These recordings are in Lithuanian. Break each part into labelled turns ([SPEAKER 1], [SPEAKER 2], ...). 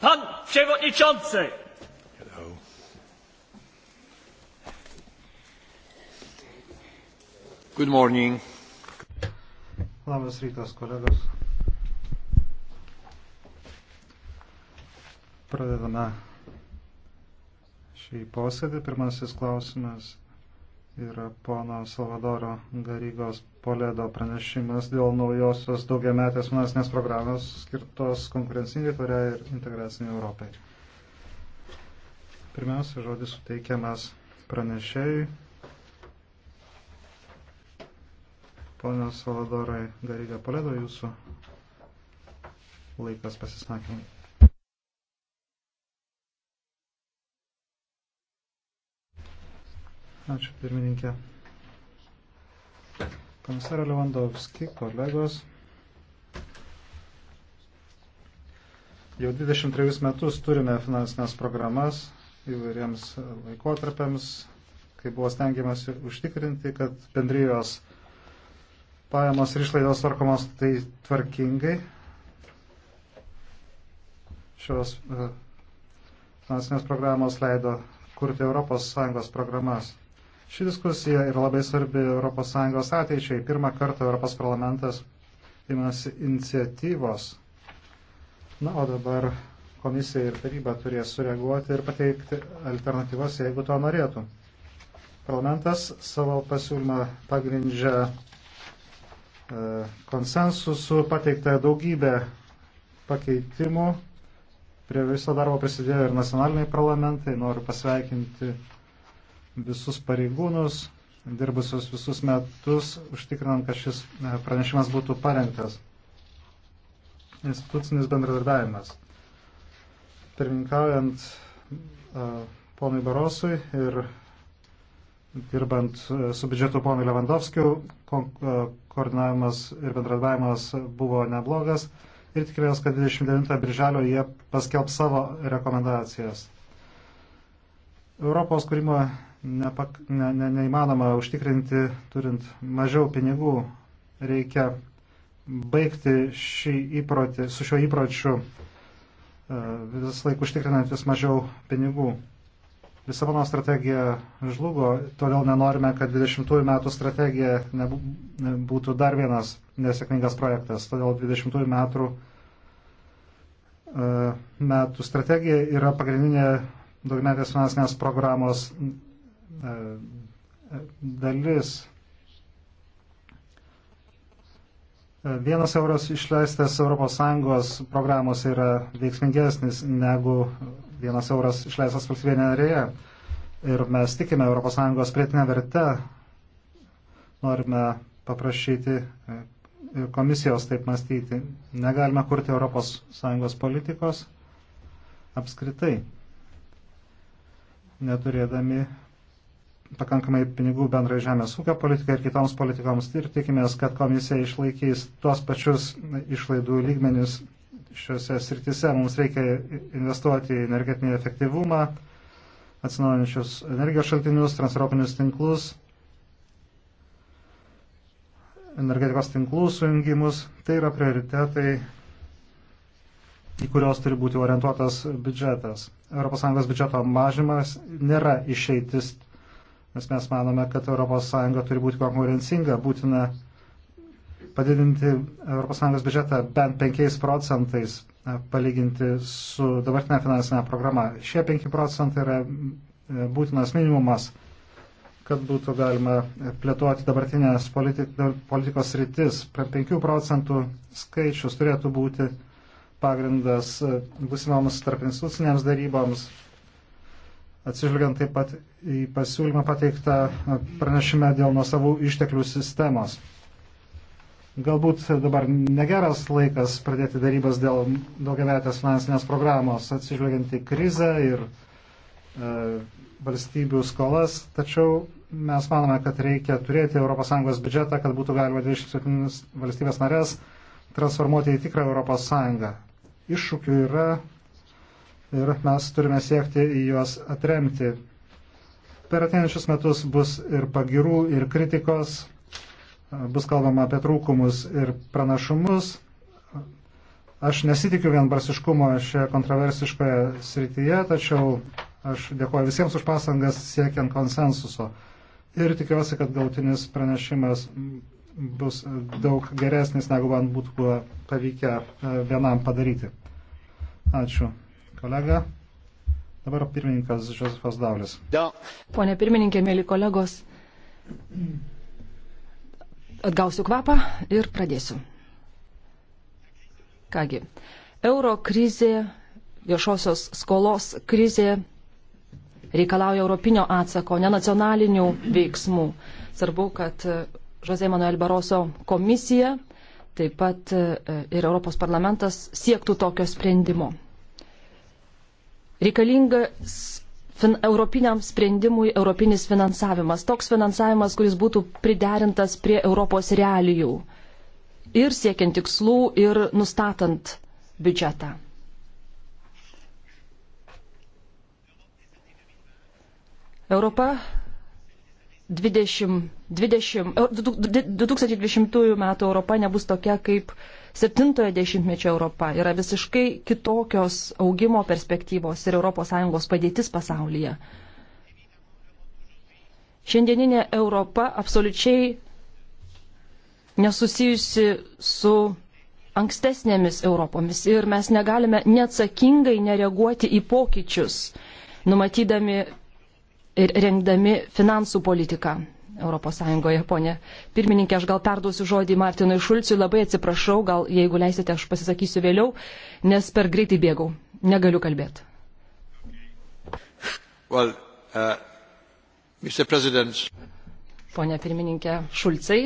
[SPEAKER 1] Pan Przewodniczący! Hello.
[SPEAKER 2] Good morning. Labas rytas, kolegos. Pradedame šį posėdį. Pirmasis klausimas yra pono Salvadoro Garygos Poledo pranešimas dėl naujosios daugiametės finansinės programos skirtos konkurencingai tvariai ir integraciniai Europai. Pirmiausia, žodis suteikiamas pranešėjui. Pone Salvadorai Garyga Poledo, jūsų laikas pasisakymui. Ačiū pirmininkė. Komisarė Lewandowski, kolegos. Jau 23 metus turime finansinės programas įvairiems laikotarpiams, kai buvo stengiamasi užtikrinti, kad bendrijos pajamos ir išlaidos tvarkomos tai tvarkingai. Šios e, finansinės programos leido kurti ES programas. Ši diskusija yra labai svarbi ES ateičiai. Pirmą kartą Europos parlamentas imasi iniciatyvos. Na, o dabar komisija ir taryba turės sureaguoti ir pateikti alternatyvas, jeigu to norėtų. Parlamentas savo pasiūlymą pagrindžia e, konsensusu, pateikta daugybė pakeitimų. Prie viso darbo prisidėjo ir nacionaliniai parlamentai. Noriu pasveikinti visus pareigūnus, dirbusius visus metus, užtikrinant, kad šis e, pranešimas būtų parengtas. Institucinis bendradarbiavimas. Pirminkaujant e, ponui Barosui ir dirbant e, su biudžetu ponui Levandovskiu, koordinavimas ir bendradarbiavimas buvo neblogas ir tikėjęs, kad 29 birželio jie paskelb savo rekomendacijas. Europos kūrimo nepak, ne, ne, neįmanoma užtikrinti, turint mažiau pinigų. Reikia baigti šį įprotį, su šiuo įpročiu e, vis laik užtikrinant vis mažiau pinigų. Lisabono strategija žlugo, todėl nenorime, kad 20 metų strategija būtų dar vienas nesėkmingas projektas. Todėl 20 metų, e, metų strategija yra pagrindinė daugmetės finansinės programos E, dalis. E, vienas euras išleistas ES programos yra veiksmingesnis negu vienas euras išleistas valstybėje narėje. Ir mes tikime ES prietinę vertę. Norime paprašyti e, komisijos taip mąstyti. Negalime kurti ES politikos apskritai, neturėdami pakankamai pinigų bendrai žemės ūkio politikai ir kitoms politikoms ir tikimės, kad komisija išlaikys tuos pačius išlaidų lygmenis šiuose srityse. Mums reikia investuoti į energetinį efektyvumą, atsinaujančius energijos šaltinius, transeuropinius tinklus, energetikos tinklų sujungimus. Tai yra prioritetai, į kurios turi būti orientuotas biudžetas. ES biudžeto mažimas nėra išeitis nes mes manome, kad ES turi būti konkurencinga, būtina padidinti ES biudžetą bent 5 procentais e, palyginti su dabartinė finansinė programa. Šie 5 procentai yra e, būtinas minimumas, kad būtų galima plėtoti dabartinės politikos rytis. 5 procentų skaičius turėtų būti pagrindas e, būsimoms tarp institucinėms daryboms, atsižvelgiant taip pat į pasiūlymą pateiktą pranešime dėl nuosavų išteklių sistemos. Galbūt dabar negeras laikas pradėti darybas dėl daugiametės finansinės programos, atsižvelgiant į krizę ir e, valstybių skolas, tačiau mes manome, kad reikia turėti ES biudžetą, kad būtų galima 27 valstybės narės transformuoti į tikrą ES. Iššūkių yra ir mes turime siekti į juos atremti Per ateinančius metus bus ir pagirų, ir kritikos, bus kalbama apie trūkumus ir pranašumus. Aš nesitikiu vienbarsiškumo šioje kontroversiškoje srityje, tačiau aš dėkuoju visiems už pasangas siekiant konsensuso. Ir tikiuosi, kad gautinis pranešimas bus daug geresnis, negu man būtų pavykę vienam padaryti. Ačiū, kolega. Dabar pirmininkas Žozefas Daulis. Da.
[SPEAKER 1] Pone pirmininkė, mėly kolegos, atgausiu kvapą ir pradėsiu. Kągi, euro krizė, viešosios skolos krizė reikalauja europinio atsako, ne nacionalinių veiksmų. Svarbu, kad Žozė Manuel Baroso komisija, taip pat e, ir Europos parlamentas siektų tokio sprendimo. Reikalingas fin, europiniam sprendimui europinis finansavimas. Toks finansavimas, kuris būtų priderintas prie Europos realijų ir siekiant tikslų ir nustatant biudžetą. Europa 20, 20, 2020 metų Europa nebus tokia, kaip Septintojo dešimtmečio Europa yra visiškai kitokios augimo perspektyvos ir ES padėtis pasaulyje. Šiandieninė Europa absoliučiai nesusijusi su ankstesnėmis Europomis ir mes negalime neatsakingai nereaguoti į pokyčius, numatydami ir rengdami finansų politiką. Europos Sąjungoje, ponė pirmininkė. Aš gal perduosiu žodį Martinui Šulciui, labai atsiprašau, gal jeigu leisite, aš pasisakysiu vėliau, nes per greitai bėgau. Negaliu kalbėti.
[SPEAKER 2] Well, uh,
[SPEAKER 1] Pone pirmininkė Šulcai,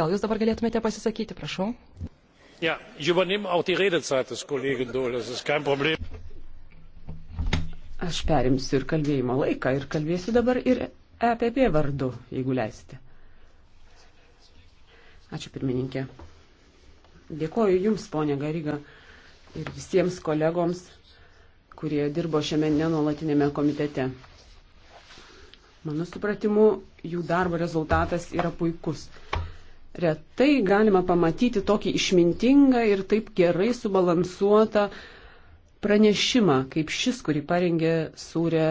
[SPEAKER 1] gal jūs dabar galėtumėte pasisakyti, prašau.
[SPEAKER 2] Ja, ich übernehme auch die Redezeit des Kollegen Dohl, das ist kein Problem.
[SPEAKER 3] Aš perimsiu ir kalbėjimo laiką ir kalbėsiu dabar ir EPP vardu, jeigu leisite. Ačiū pirmininkė. Dėkoju Jums, ponė Gariga, ir visiems kolegoms, kurie dirbo šiame nenolatinėme komitete. Mano supratimu, jų darbo rezultatas yra puikus. Retai galima pamatyti tokį išmintingą ir taip gerai subalansuotą uh, pranešimą, kaip šis, kurį parengė Sūrė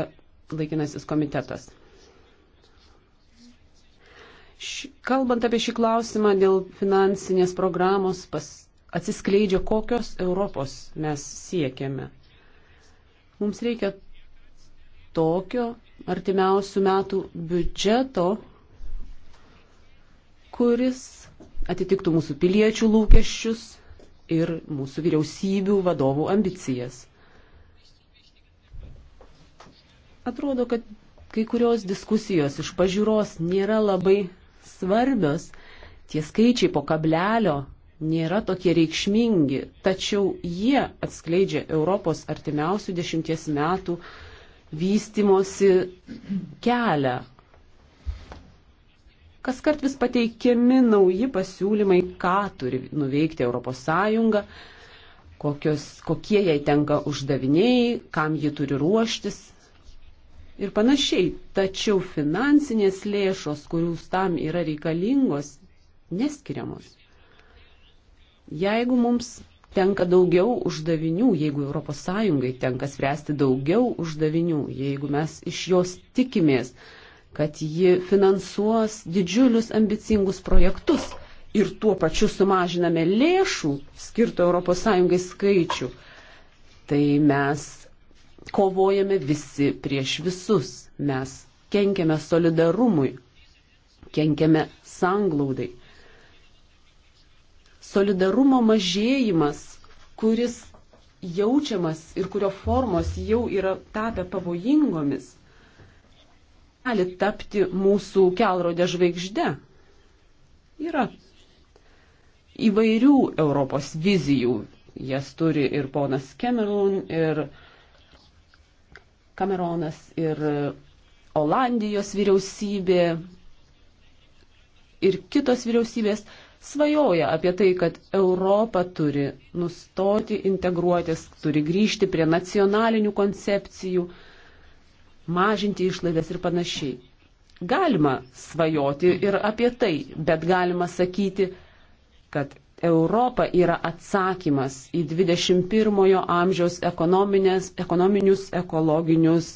[SPEAKER 3] laikinasis komitetas. Ši, kalbant apie šį klausimą dėl finansinės programos, pas, atsiskleidžia, kokios Europos mes siekiame. Mums reikia tokio artimiausių metų biudžeto, kuris atitiktų mūsų piliečių lūkesčius ir mūsų vyriausybių vadovų ambicijas. Atrodo, kad kai kurios diskusijos iš pažiūros nėra labai svarbios, tie skaičiai po kablelio nėra tokie reikšmingi, tačiau jie atskleidžia Europos artimiausių dešimties metų vystimosi kelią, Kas kart vis pateikiami nauji pasiūlymai, ką turi nuveikti ES, kokios, kokie jai tenka uždaviniai, kam ji turi ruoštis ir panašiai. Tačiau finansinės lėšos, kurių tam yra reikalingos, neskiriamos. Jeigu mums tenka daugiau uždavinių, jeigu ES tenka spręsti daugiau uždavinių, jeigu mes iš jos tikimės, kad ji finansuos didžiulius ambicingus projektus ir tuo pačiu sumažiname lėšų skirtų ES skaičių, tai mes kovojame visi prieš visus, mes kenkiame solidarumui, kenkiame sanglaudai. Solidarumo mažėjimas, kuris jaučiamas ir kurio formos jau yra tapę pavojingomis, gali tapti mūsų kelrodė žvaigždė. Yra įvairių Europos vizijų. Jas turi ir ponas Cameron, ir Cameronas, ir Olandijos vyriausybė, ir kitos vyriausybės svajoja apie tai, kad Europa turi nustoti integruotis, turi grįžti prie nacionalinių koncepcijų, mažinti išlaidas ir panašiai. Galima svajoti ir apie tai, bet galima sakyti, kad Europa yra atsakymas į 21-ojo amžiaus ekonominius, ekologinius,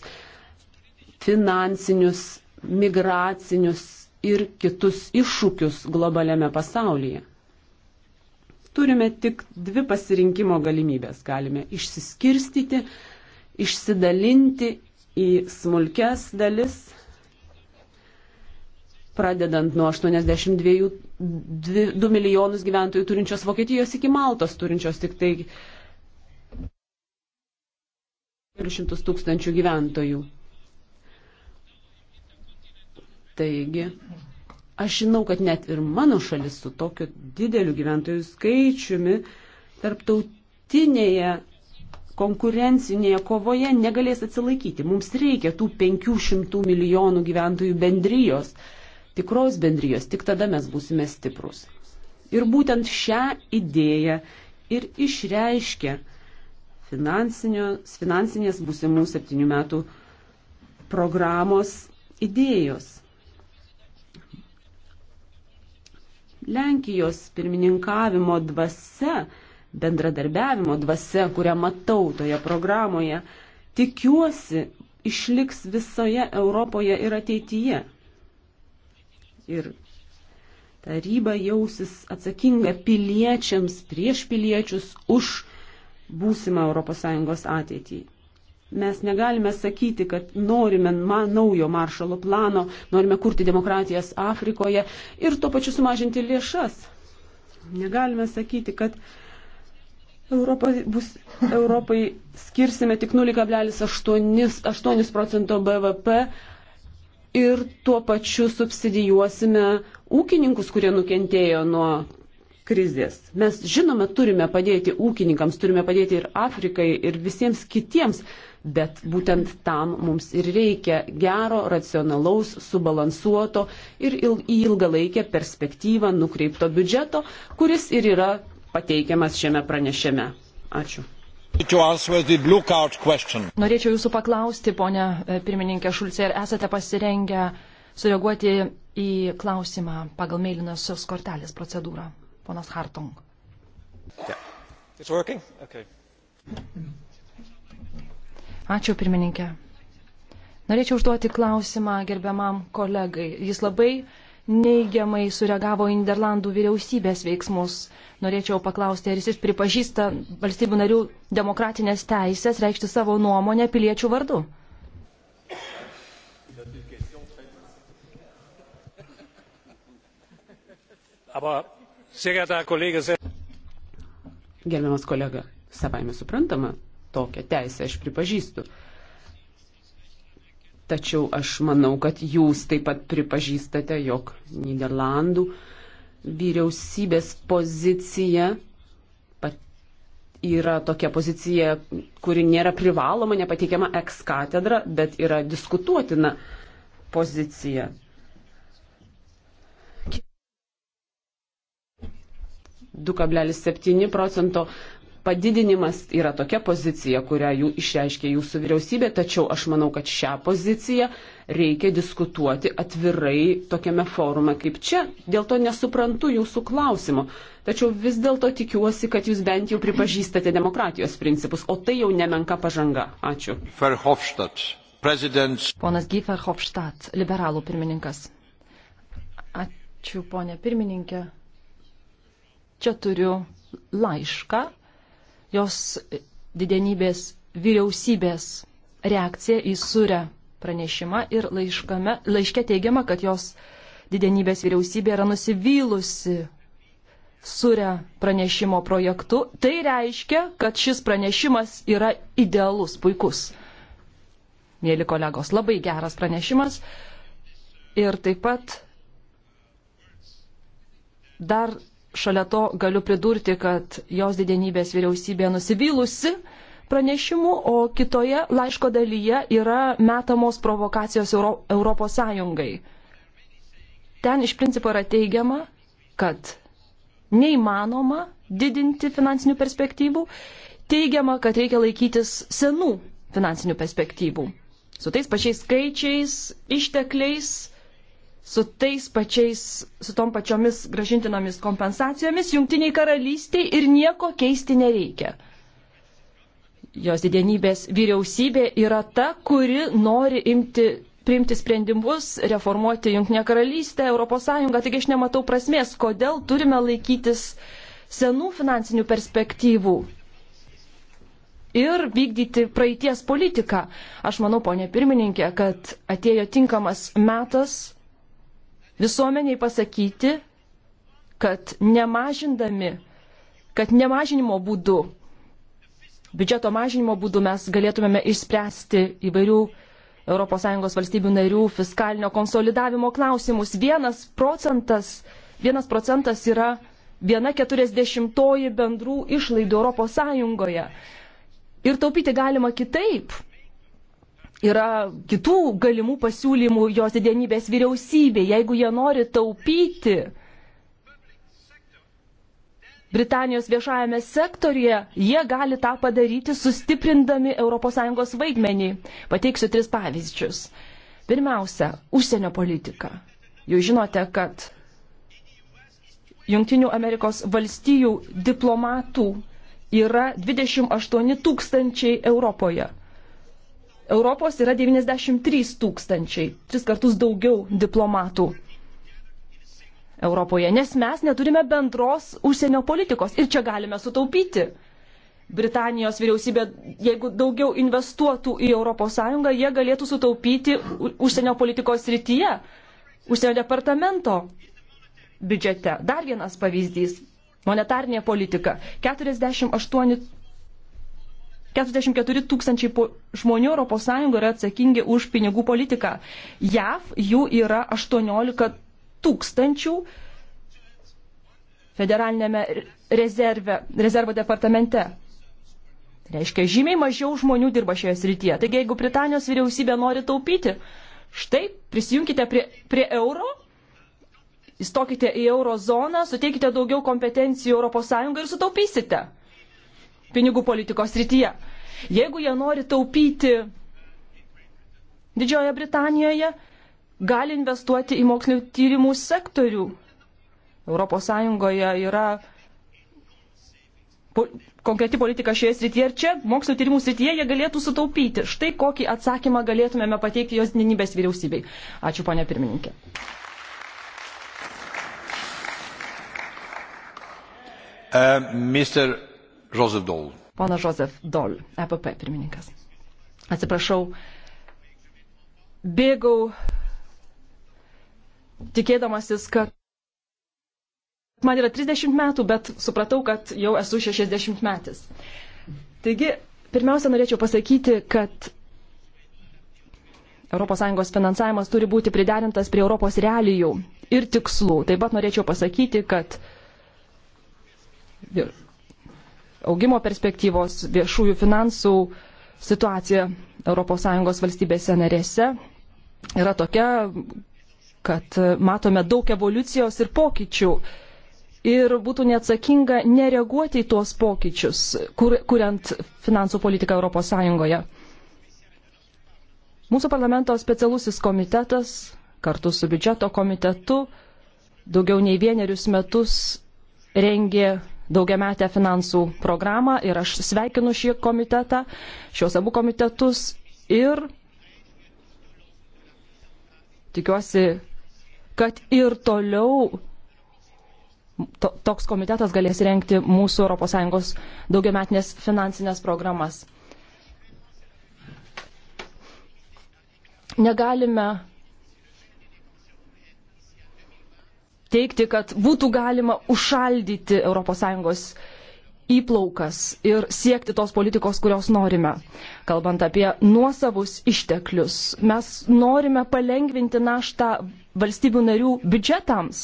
[SPEAKER 3] finansinius, migracinius ir kitus iššūkius globaliame pasaulyje. Turime tik dvi pasirinkimo galimybės. Galime išsiskirstyti, išsidalinti į smulkes dalis, pradedant nuo 82 2 milijonus gyventojų turinčios Vokietijos iki Maltos turinčios tik tai 400 tūkstančių gyventojų. Taigi, aš žinau, kad net ir mano šalis su tokiu dideliu gyventojų skaičiumi tarptautinėje konkurencinėje kovoje negalės atsilaikyti. Mums reikia tų 500 milijonų gyventojų bendrijos, tikros bendrijos, tik tada mes būsime stiprus. Ir būtent šią idėją ir išreiškia finansinės būsimų septynių metų programos idėjos. Lenkijos pirmininkavimo dvasia bendradarbiavimo dvasia, kurią matau toje programoje, tikiuosi išliks visoje Europoje ir ateityje. Ir taryba jausis atsakinga piliečiams, prieš piliečius, už būsimą ES ateitį. Mes negalime sakyti, kad norime ma naujo maršalo plano, norime kurti demokratijas Afrikoje ir tuo pačiu sumažinti lėšas. Negalime sakyti, kad uh, Europai, bus, Europai skirsime tik 0,8 procento BVP ir tuo pačiu subsidijuosime ūkininkus, kurie nukentėjo nuo krizės. Mes žinome, turime padėti ūkininkams, turime padėti ir Afrikai, ir visiems kitiems, bet būtent tam mums ir reikia gero, racionalaus, subalansuoto ir į ilgalaikę perspektyvą nukreipto biudžeto,
[SPEAKER 1] kuris ir yra
[SPEAKER 3] pateikiamas šiame pranešime. Ačiū.
[SPEAKER 2] Norėčiau
[SPEAKER 1] jūsų paklausti, ponia e, pirmininkė Šulce, ar esate pasirengę sureaguoti į klausimą pagal mėlynosios kortelės procedūrą, ponas Hartung.
[SPEAKER 2] Yeah. Okay.
[SPEAKER 1] Ačiū pirmininkė. Norėčiau užduoti klausimą gerbiamam kolegai. Jis labai neigiamai sureagavo į Niderlandų vyriausybės veiksmus. Norėčiau paklausti, ar jis pripažįsta valstybių narių demokratinės teisės reikšti savo nuomonę piliečių vardu?
[SPEAKER 3] Gerbiamas kolega, savaime suprantama, tokią teisę aš pripažįstu. Tačiau aš manau, kad jūs taip pat pripažįstate, jog Niderlandų vyriausybės pozicija yra tokia pozicija, kuri nėra privaloma, nepateikiama eks katedra, bet yra diskutuotina pozicija. ,7 procento padidinimas yra tokia pozicija, kurią jų išreiškė jūsų vyriausybė, tačiau aš manau, kad šią poziciją reikia diskutuoti atvirai tokiame forume kaip čia. Dėl to nesuprantu jūsų klausimo, tačiau vis dėlto tikiuosi, kad jūs bent jau pripažįstate demokratijos principus, o tai jau nemenka pažanga. Ačiū. Verhofstadt, president.
[SPEAKER 1] Ponas Gyfer Hofstadt, liberalų pirmininkas. Ačiū, ponė pirmininkė. Čia turiu laišką jos didenybės vyriausybės reakcija į surę pranešimą ir laiškame, laiške teigiama, kad jos didenybės vyriausybė yra nusivylusi surę pranešimo projektu. Tai reiškia, kad šis pranešimas yra idealus, puikus. Mėly kolegos, labai geras pranešimas. Ir taip pat dar šalia to galiu pridurti, kad jos didenybės vyriausybė nusivylusi pranešimu, o kitoje laiško dalyje yra metamos provokacijos Euro Europos Sąjungai. Ten iš principo yra teigiama, kad neįmanoma didinti finansinių perspektyvų, teigiama, kad reikia laikytis senų finansinių perspektyvų. Su tais pačiais skaičiais, ištekliais, su tais pačiais, su tom pačiomis gražintinomis kompensacijomis jungtiniai karalystiai ir nieko keisti nereikia. Jos didienybės vyriausybė yra ta, kuri nori imti, priimti sprendimus, reformuoti Junktinę karalystę, ES, taigi aš nematau prasmės, kodėl turime laikytis senų finansinių perspektyvų ir vykdyti praeities politiką. Aš manau, ponė pirmininkė, kad atėjo tinkamas metas visuomeniai pasakyti, kad nemažindami, kad nemažinimo būdu, biudžeto mažinimo būdu mes galėtumėme išspręsti įvairių ES valstybių narių fiskalinio konsolidavimo klausimus. Vienas procentas, vienas procentas yra viena keturiasdešimtoji bendrų išlaidų ES. Ir taupyti galima kitaip, yra kitų galimų pasiūlymų jos didienybės vyriausybė. Jeigu jie nori taupyti Britanijos viešajame sektorije, jie gali tą padaryti sustiprindami ES vaidmenį. Pateiksiu tris pavyzdžius. Pirmiausia, užsienio politika. Jūs žinote, kad Junktinių Amerikos valstijų diplomatų yra 28 tūkstančiai Europoje. Europos yra 93 tūkstančiai, tris kartus daugiau diplomatų Europoje, nes mes neturime bendros užsienio politikos ir čia galime sutaupyti. Britanijos vyriausybė, jeigu daugiau investuotų į ES, jie galėtų sutaupyti užsienio politikos srityje, užsienio departamento biudžete. Dar vienas pavyzdys - monetarnė politika. 48 44 tūkstančiai žmonių ES yra atsakingi už pinigų politiką. JAV jų yra 18 tūkstančių federalinėme rezerve, rezervo departamente. Tai reiškia, žymiai mažiau žmonių dirba šioje srityje. Taigi, jeigu Britanijos vyriausybė nori taupyti, štai prisijunkite prie, prie euro įstokite į eurozoną, suteikite daugiau kompetencijų ES ir sutaupysite pinigų politikos rytyje. Jeigu jie nori taupyti Didžiojoje Britanijoje, gali investuoti į mokslinio tyrimų sektorių. ES yra po, konkreti politika šioje srityje ir čia, mokslinio tyrimų srityje, jie galėtų sutaupyti. Štai kokį atsakymą galėtumėme pateikti jos dinybės vyriausybei. Ačiū, ponė pirmininkė.
[SPEAKER 2] Uh, Mr. Joseph Dol.
[SPEAKER 1] Pona Joseph Dol, EPP pirmininkas. Atsiprašau, bėgau tikėdamasis, kad man yra 30 metų, bet supratau, kad jau esu 60 metis. Taigi, pirmiausia, norėčiau pasakyti, kad ES finansavimas turi būti priderintas prie Europos realijų ir tikslų. Taip pat norėčiau pasakyti, kad augimo perspektyvos, viešųjų finansų situacija ES valstybėse narėse yra tokia, kad matome daug evoliucijos ir pokyčių. Ir būtų neatsakinga nereaguoti į tuos pokyčius, kur, kuriant finansų politiką ES. Mūsų parlamento specialusis komitetas kartu su biudžeto komitetu daugiau nei vienerius metus rengė daugiametę finansų programą ir aš sveikinu šį komitetą, šios abu komitetus ir tikiuosi, kad ir toliau to, toks komitetas galės renkti mūsų ES daugiametinės finansinės programas. Negalime teikti, kad būtų galima užšaldyti ES įplaukas ir siekti tos politikos, kurios norime. Kalbant apie nuosavus išteklius, mes norime palengvinti naštą valstybių narių biudžetams.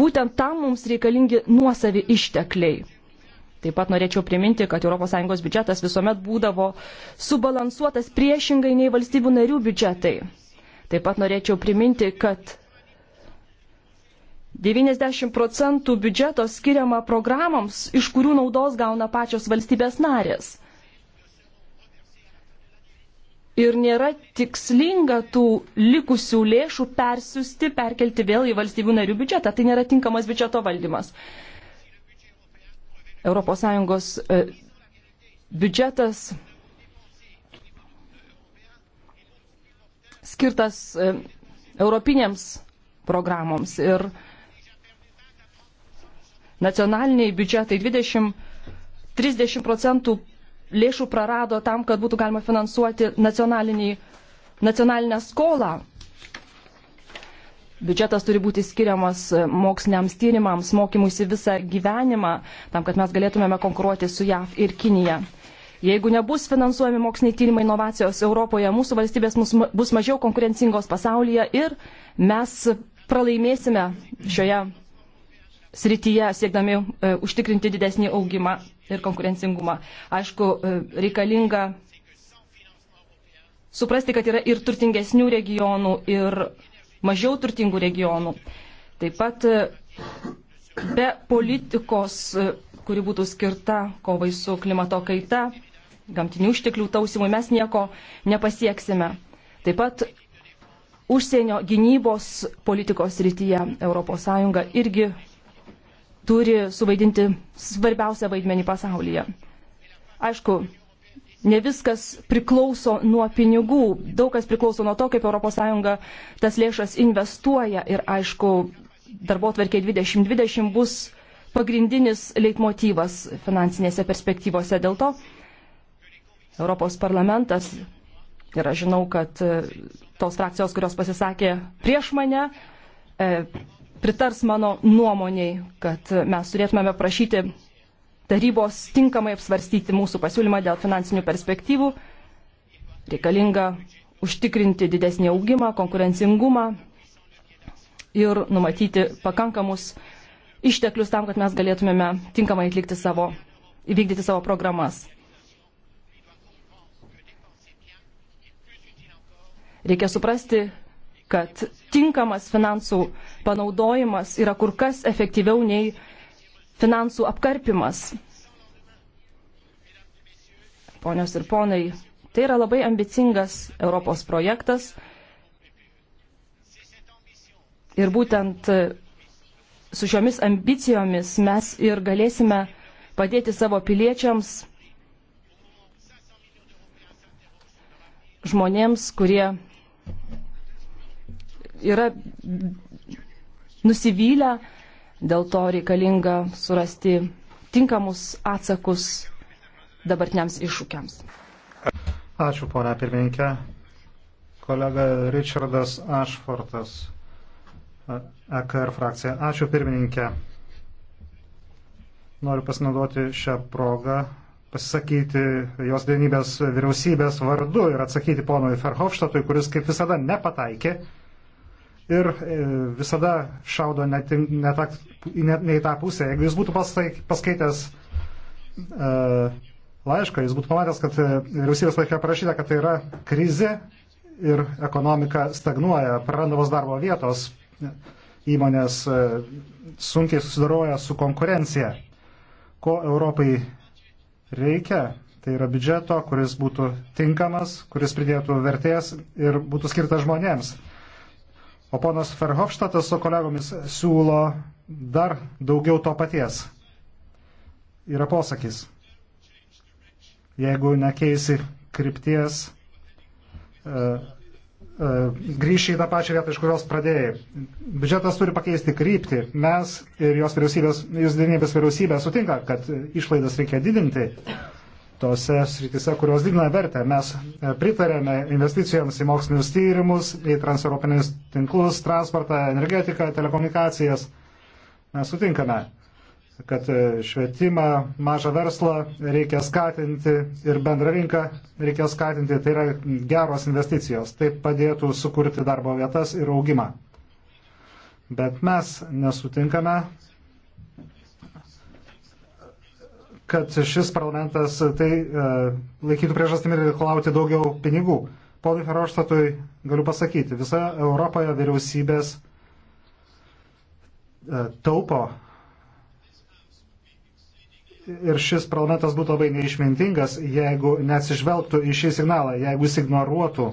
[SPEAKER 1] Būtent tam mums reikalingi nuosavi ištekliai. Taip pat norėčiau priminti, kad ES biudžetas visuomet būdavo subalansuotas priešingai nei valstybių narių biudžetai. Taip pat norėčiau priminti, kad 90 procentų biudžeto skiriama programoms, iš kurių naudos gauna pačios valstybės narės. Ir nėra tikslinga tų likusių lėšų persiusti, perkelti vėl į valstybių narių biudžetą. Tai nėra tinkamas biudžeto valdymas. ES e, biudžetas skirtas e, europinėms programoms. Ir Nacionaliniai biudžetai 20-30 procentų lėšų prarado tam, kad būtų galima finansuoti nacionalinę skolą. Biudžetas turi būti skiriamas moksliniams tyrimams, mokymuisi visą gyvenimą, tam, kad mes galėtumėme konkuruoti su JAV ir Kinija. Jeigu nebus finansuojami moksliniai tyrimai inovacijos Europoje, mūsų valstybės bus mažiau konkurencingos pasaulyje ir mes pralaimėsime šioje srityje, siekdami e, užtikrinti didesnį augimą ir konkurencingumą. Aišku, e, reikalinga suprasti, kad yra ir turtingesnių regionų, ir mažiau turtingų regionų. Taip pat e, be politikos, e, kuri būtų skirta kovai su klimato kaita, gamtinių išteklių tausimui, mes nieko nepasieksime. Taip pat užsienio gynybos politikos rytyje ES irgi turi suvaidinti svarbiausią vaidmenį pasaulyje. Aišku, ne viskas priklauso nuo pinigų, daug kas priklauso nuo to, kaip ES tas lėšas investuoja ir aišku, darbo tvarkė 2020 bus pagrindinis leitmotyvas finansinėse perspektyvose. Dėl to Europos parlamentas ir aš žinau, kad e, tos frakcijos, kurios pasisakė prieš mane, e, pritars mano nuomoniai, kad mes turėtumėme prašyti tarybos tinkamai apsvarstyti mūsų pasiūlymą dėl finansinių perspektyvų. Reikalinga užtikrinti didesnį augimą, konkurencingumą ir numatyti pakankamus išteklius tam, kad mes galėtumėme tinkamai atlikti savo, įvykdyti savo programas. Reikia suprasti, kad tinkamas finansų panaudojimas yra kur kas efektyviau nei finansų apkarpimas. Ponios ir ponai, tai yra labai ambicingas Europos projektas. Ir būtent su šiomis ambicijomis mes ir galėsime padėti savo piliečiams, žmonėms, kurie yra nusivylę, dėl to reikalinga surasti tinkamus atsakus dabartiniams iššūkiams.
[SPEAKER 2] Ačiū, ponia pirmininkė. Kolega Richardas Ashfortas, EKR frakcija. Ačiū, pirmininkė. Noriu pasinaudoti šią progą, pasisakyti jos dienybės vyriausybės vardu ir atsakyti ponui Ferhofštatui, kuris kaip visada nepataikė ir e, visada šaudo ne, ne, ta, ne, ne į tą pusę. Jeigu jis būtų paskaitęs uh, laišką, jis būtų pamatęs, kad e, vyriausybės laiške parašyta, kad tai yra krizė ir ekonomika stagnuoja, prarandamos darbo vietos, įmonės uh, sunkiai susidaroja su konkurencija. Ko Europai reikia? Tai yra biudžeto, kuris būtų tinkamas, kuris pridėtų vertės ir būtų skirtas žmonėms O ponas Ferhofštatas su kolegomis siūlo dar daugiau to paties. Yra posakis. Jeigu nekeisi krypties, e, e, grįši į tą pačią vietą, iš kurios pradėjai. Biudžetas turi pakeisti kryptį. Mes ir jos vyriausybės, jūs dienybės vyriausybė sutinka, kad išlaidas reikia didinti tose srityse, kurios didina vertę. Mes e, pritarėme investicijoms į mokslinius tyrimus, į transeuropinius tinklus, transportą, energetiką, telekomunikacijas. Mes sutinkame, kad e, švietimą, mažą verslą reikia skatinti ir bendrą rinką reikia skatinti. Tai yra geros investicijos. Tai padėtų sukurti darbo vietas ir augimą. Bet mes nesutinkame kad šis parlamentas tai e, laikytų priežastimi reikalauti daugiau pinigų. Ponui Ferorštatui galiu pasakyti, visa Europoje vyriausybės e, taupo ir šis parlamentas būtų labai neišmintingas, jeigu neatsižvelgtų į šį signalą, jeigu jis ignoruotų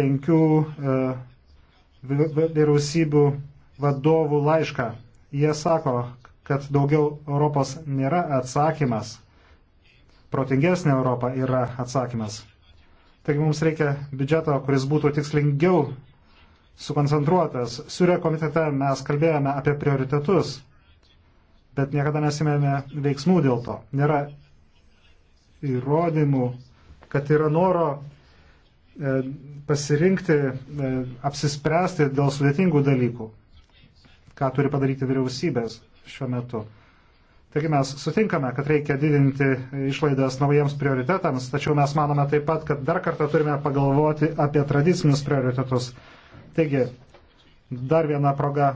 [SPEAKER 2] penkių e, vyriausybių vadovų laišką. Jie sako, kad daugiau Europos nėra atsakymas. Protingesnė Europa yra atsakymas. Taigi mums reikia biudžeto, kuris būtų tikslingiau sukoncentruotas. Siūrė komitete mes kalbėjome apie prioritetus, bet niekada nesimėme veiksmų dėl to. Nėra įrodymų, kad yra noro e, pasirinkti, e, apsispręsti dėl sudėtingų dalykų, ką turi padaryti vyriausybės šiuo metu. Taigi mes sutinkame, kad reikia didinti išlaidas naujiems prioritetams, tačiau mes manome taip pat, kad dar kartą turime pagalvoti apie tradicinius prioritetus. Taigi, dar viena proga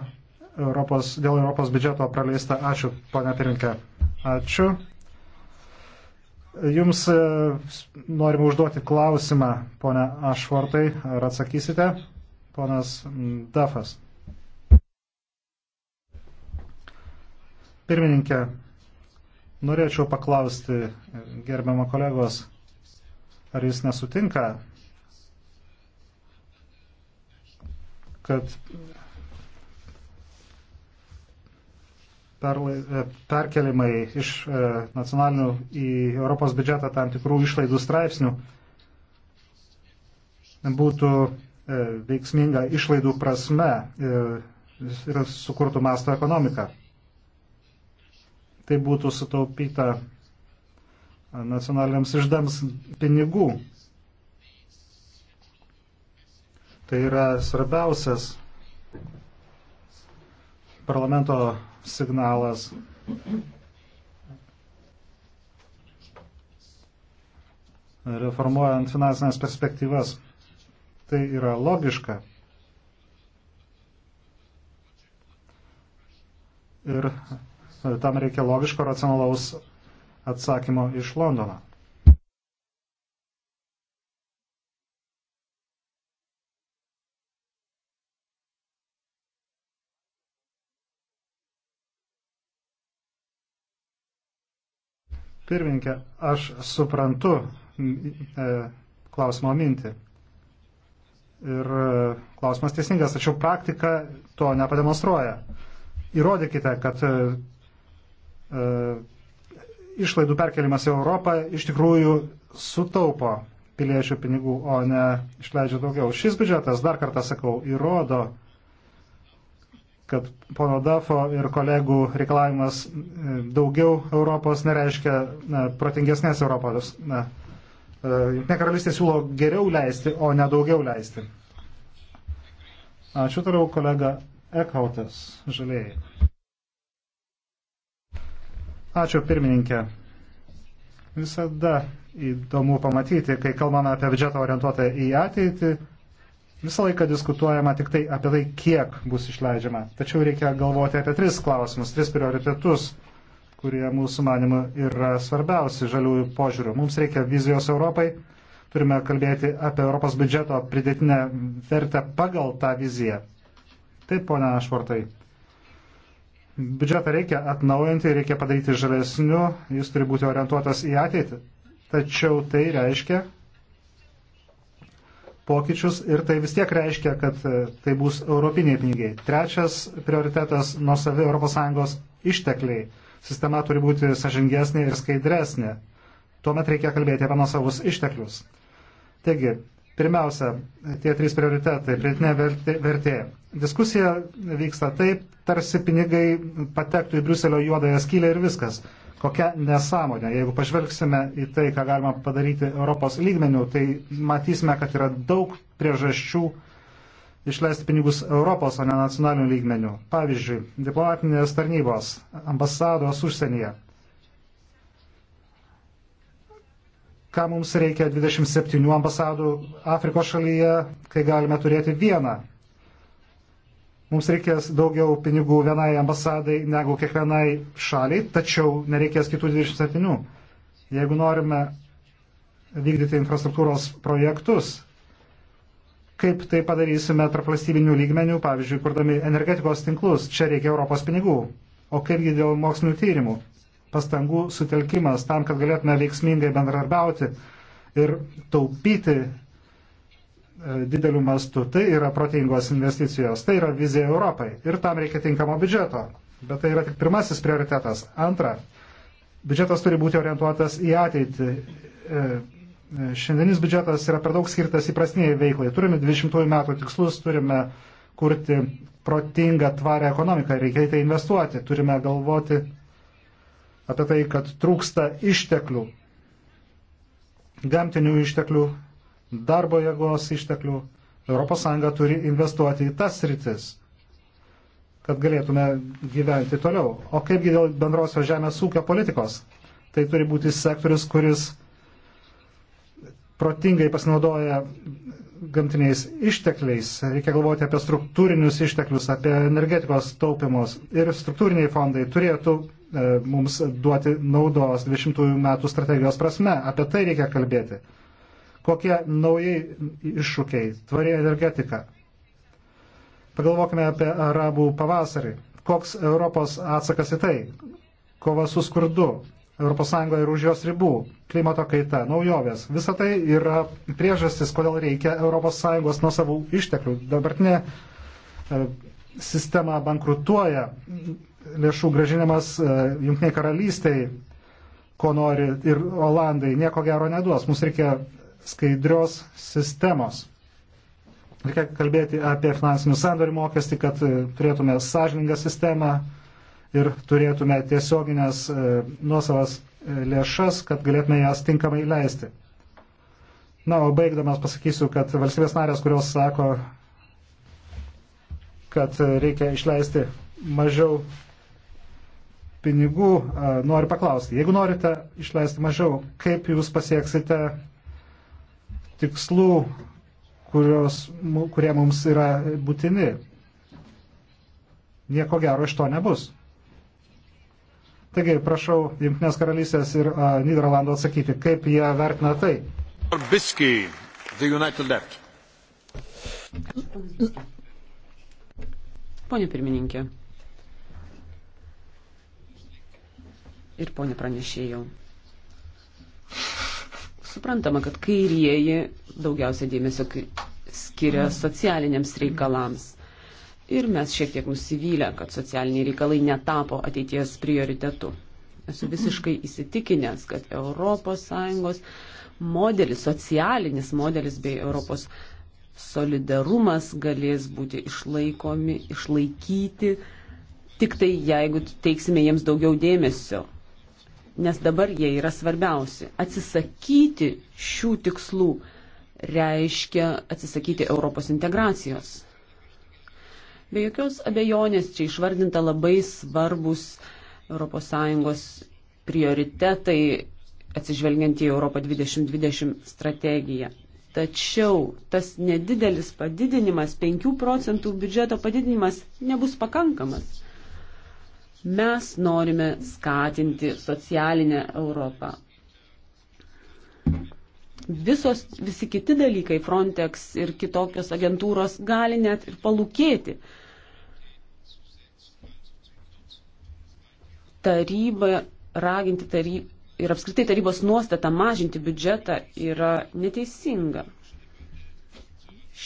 [SPEAKER 2] Europos, dėl Europos biudžeto praleista. Ačiū, ponia Pirinkė. Ačiū. Jums e, norime užduoti klausimą, ponia Ašvartai, ar atsakysite? Ponas Dafas. Pirmininkė, Norėčiau paklausti gerbiamą kolegos, ar jis nesutinka, kad perlai, e, perkelimai iš e, nacionalinių į Europos biudžetą tam tikrų išlaidų straipsnių būtų e, veiksminga išlaidų prasme ir sukurtų masto ekonomiką tai būtų sutaupyta nacionaliniams išdams pinigų. Tai yra svarbiausias parlamento signalas. reformuojant finansinės perspektyvas. Tai yra logiška. Ir E, tam reikia logiško racionalaus atsakymo iš Londono. Pirmininkė, aš suprantu e, klausimo mintį. Ir e, klausimas teisingas, tačiau praktika to nepademonstruoja. Įrodykite, kad e, E, išlaidų perkelimas į Europą iš tikrųjų sutaupo piliečių pinigų, o ne išleidžia daugiau. Šis biudžetas, dar kartą sakau, įrodo, kad pono Dafo ir kolegų reikalavimas e, daugiau Europos nereiškia na, e, protingesnės Europos. Na, Junktinė karalystė siūlo geriau leisti, o ne daugiau leisti. Ačiū toliau kolega Ekhautas, žalėjai. Ačiū pirmininkė. Visada įdomu pamatyti, kai kalbame apie biudžetą orientuotą į ateitį, visą laiką diskutuojama tik tai apie tai, kiek bus išleidžiama. Tačiau reikia galvoti apie tris klausimus, tris prioritetus, kurie mūsų manimu yra svarbiausi žaliųjų požiūrių. Mums reikia vizijos Europai, turime kalbėti apie Europos biudžeto pridėtinę vertę pagal tą viziją. Taip, ponia Ašvartai. Biudžetą reikia atnaujinti, reikia padaryti žalesniu, jis turi būti orientuotas į ateitį. Tačiau tai reiškia pokyčius ir tai vis tiek reiškia, kad e, tai bus europiniai pinigai. Trečias prioritetas - nuosavi ES ištekliai. Sistema turi būti sažingesnė ir skaidresnė. Tuomet reikia kalbėti apie nuosavus išteklius. Taigi, Pirmiausia, tie trys prioritetai - pridėtinė vertė. Diskusija vyksta taip, tarsi pinigai patektų į Briuselio juodąją skylę ir viskas. Kokia nesąmonė. Jeigu pažvelgsime į tai, ką galima padaryti Europos lygmenių, tai matysime, kad yra daug priežasčių išleisti pinigus Europos, o ne nacionalinių lygmenių. Pavyzdžiui, diplomatinės tarnybos, ambasados užsienyje. ką mums reikia 27 ambasadų Afrikos šalyje, kai galime turėti vieną. Mums reikės daugiau pinigų vienai ambasadai negu kiekvienai šaliai, tačiau nereikės kitų 27. Jeigu norime vykdyti infrastruktūros projektus, kaip tai padarysime tarp valstybinių lygmenių, pavyzdžiui, kurdami energetikos tinklus, čia reikia Europos pinigų, o kaipgi dėl mokslinių tyrimų pastangų sutelkimas tam, kad galėtume veiksmingai bendradarbiauti ir taupyti e, didelių mastų. Tai yra protingos investicijos, tai yra vizija Europai ir tam reikia tinkamo biudžeto. Bet tai yra tik pirmasis prioritetas. Antra, biudžetas turi būti orientuotas į ateitį. E, e, Šiandienis biudžetas yra per daug skirtas įprasniai veiklai. Turime 20 metų tikslus, turime kurti protingą, tvarę ekonomiką, reikia į tai investuoti, turime galvoti apie tai, kad trūksta išteklių, gamtinių išteklių, darbo jėgos išteklių. ES turi investuoti į tas rytis, kad galėtume gyventi toliau. O kaipgi dėl bendrosios žemės ūkio politikos? Tai turi būti sektorius, kuris protingai pasinaudoja gamtiniais ištekliais, reikia galvoti apie struktūrinius išteklius, apie energetikos taupimus ir struktūriniai fondai turėtų E, mums duoti naudos 20 metų strategijos prasme. Apie tai reikia kalbėti. Kokie naujai iššūkiai, tvari energetika. Pagalvokime apie arabų pavasarį. Koks Europos atsakas į tai? Kova su skurdu, ES ir už jos ribų, klimato kaita, naujovės. Visa tai yra priežastis, kodėl reikia ES nuo savų išteklių. Dabartinė e, sistema bankrutuoja, lėšų gražinimas e, Junktiniai karalystiai, ko nori ir Olandai, nieko gero neduos. Mums reikia skaidrios sistemos. Reikia kalbėti apie finansinių sandorių mokestį, kad e, turėtume sąžiningą sistemą ir turėtume tiesioginės e, nuosavas lėšas, kad galėtume jas tinkamai leisti. Na, o baigdamas pasakysiu, kad valstybės narės, kurios sako, kad reikia išleisti mažiau pinigų, noriu paklausti, jeigu norite išleisti mažiau, kaip jūs pasieksite tikslų, kurios, kurie mums yra būtini? Nieko gero iš to nebus. Taigi, prašau Junktinės karalystės ir uh, Niderlandų atsakyti, kaip jie vertina tai. Biski, the United Left. Pone pirmininkė,
[SPEAKER 3] ir ponė pranešėjau. Suprantama, kad kairieji daugiausia dėmesio skiria socialiniams reikalams. Ir mes šiek tiek nusivylę, kad socialiniai reikalai netapo ateities prioritetu. Esu visiškai įsitikinęs, kad ES modelis, socialinis modelis bei Europos solidarumas galės būti išlaikomi, išlaikyti, tik tai jeigu teiksime jiems daugiau dėmesio nes dabar jie yra svarbiausi. Atsisakyti šių tikslų reiškia atsisakyti Europos integracijos. Be jokios abejonės čia išvardinta labai svarbus ES prioritetai atsižvelgiant į Europą 2020 strategiją. Tačiau tas nedidelis padidinimas, 5 procentų biudžeto padidinimas nebus pakankamas. Mes norime skatinti socialinę Europą. Visos, visi kiti dalykai, Frontex ir kitokios agentūros, gali net ir palūkėti. Taryba, raginti tarybą ir apskritai tarybos nuostata mažinti biudžetą yra neteisinga.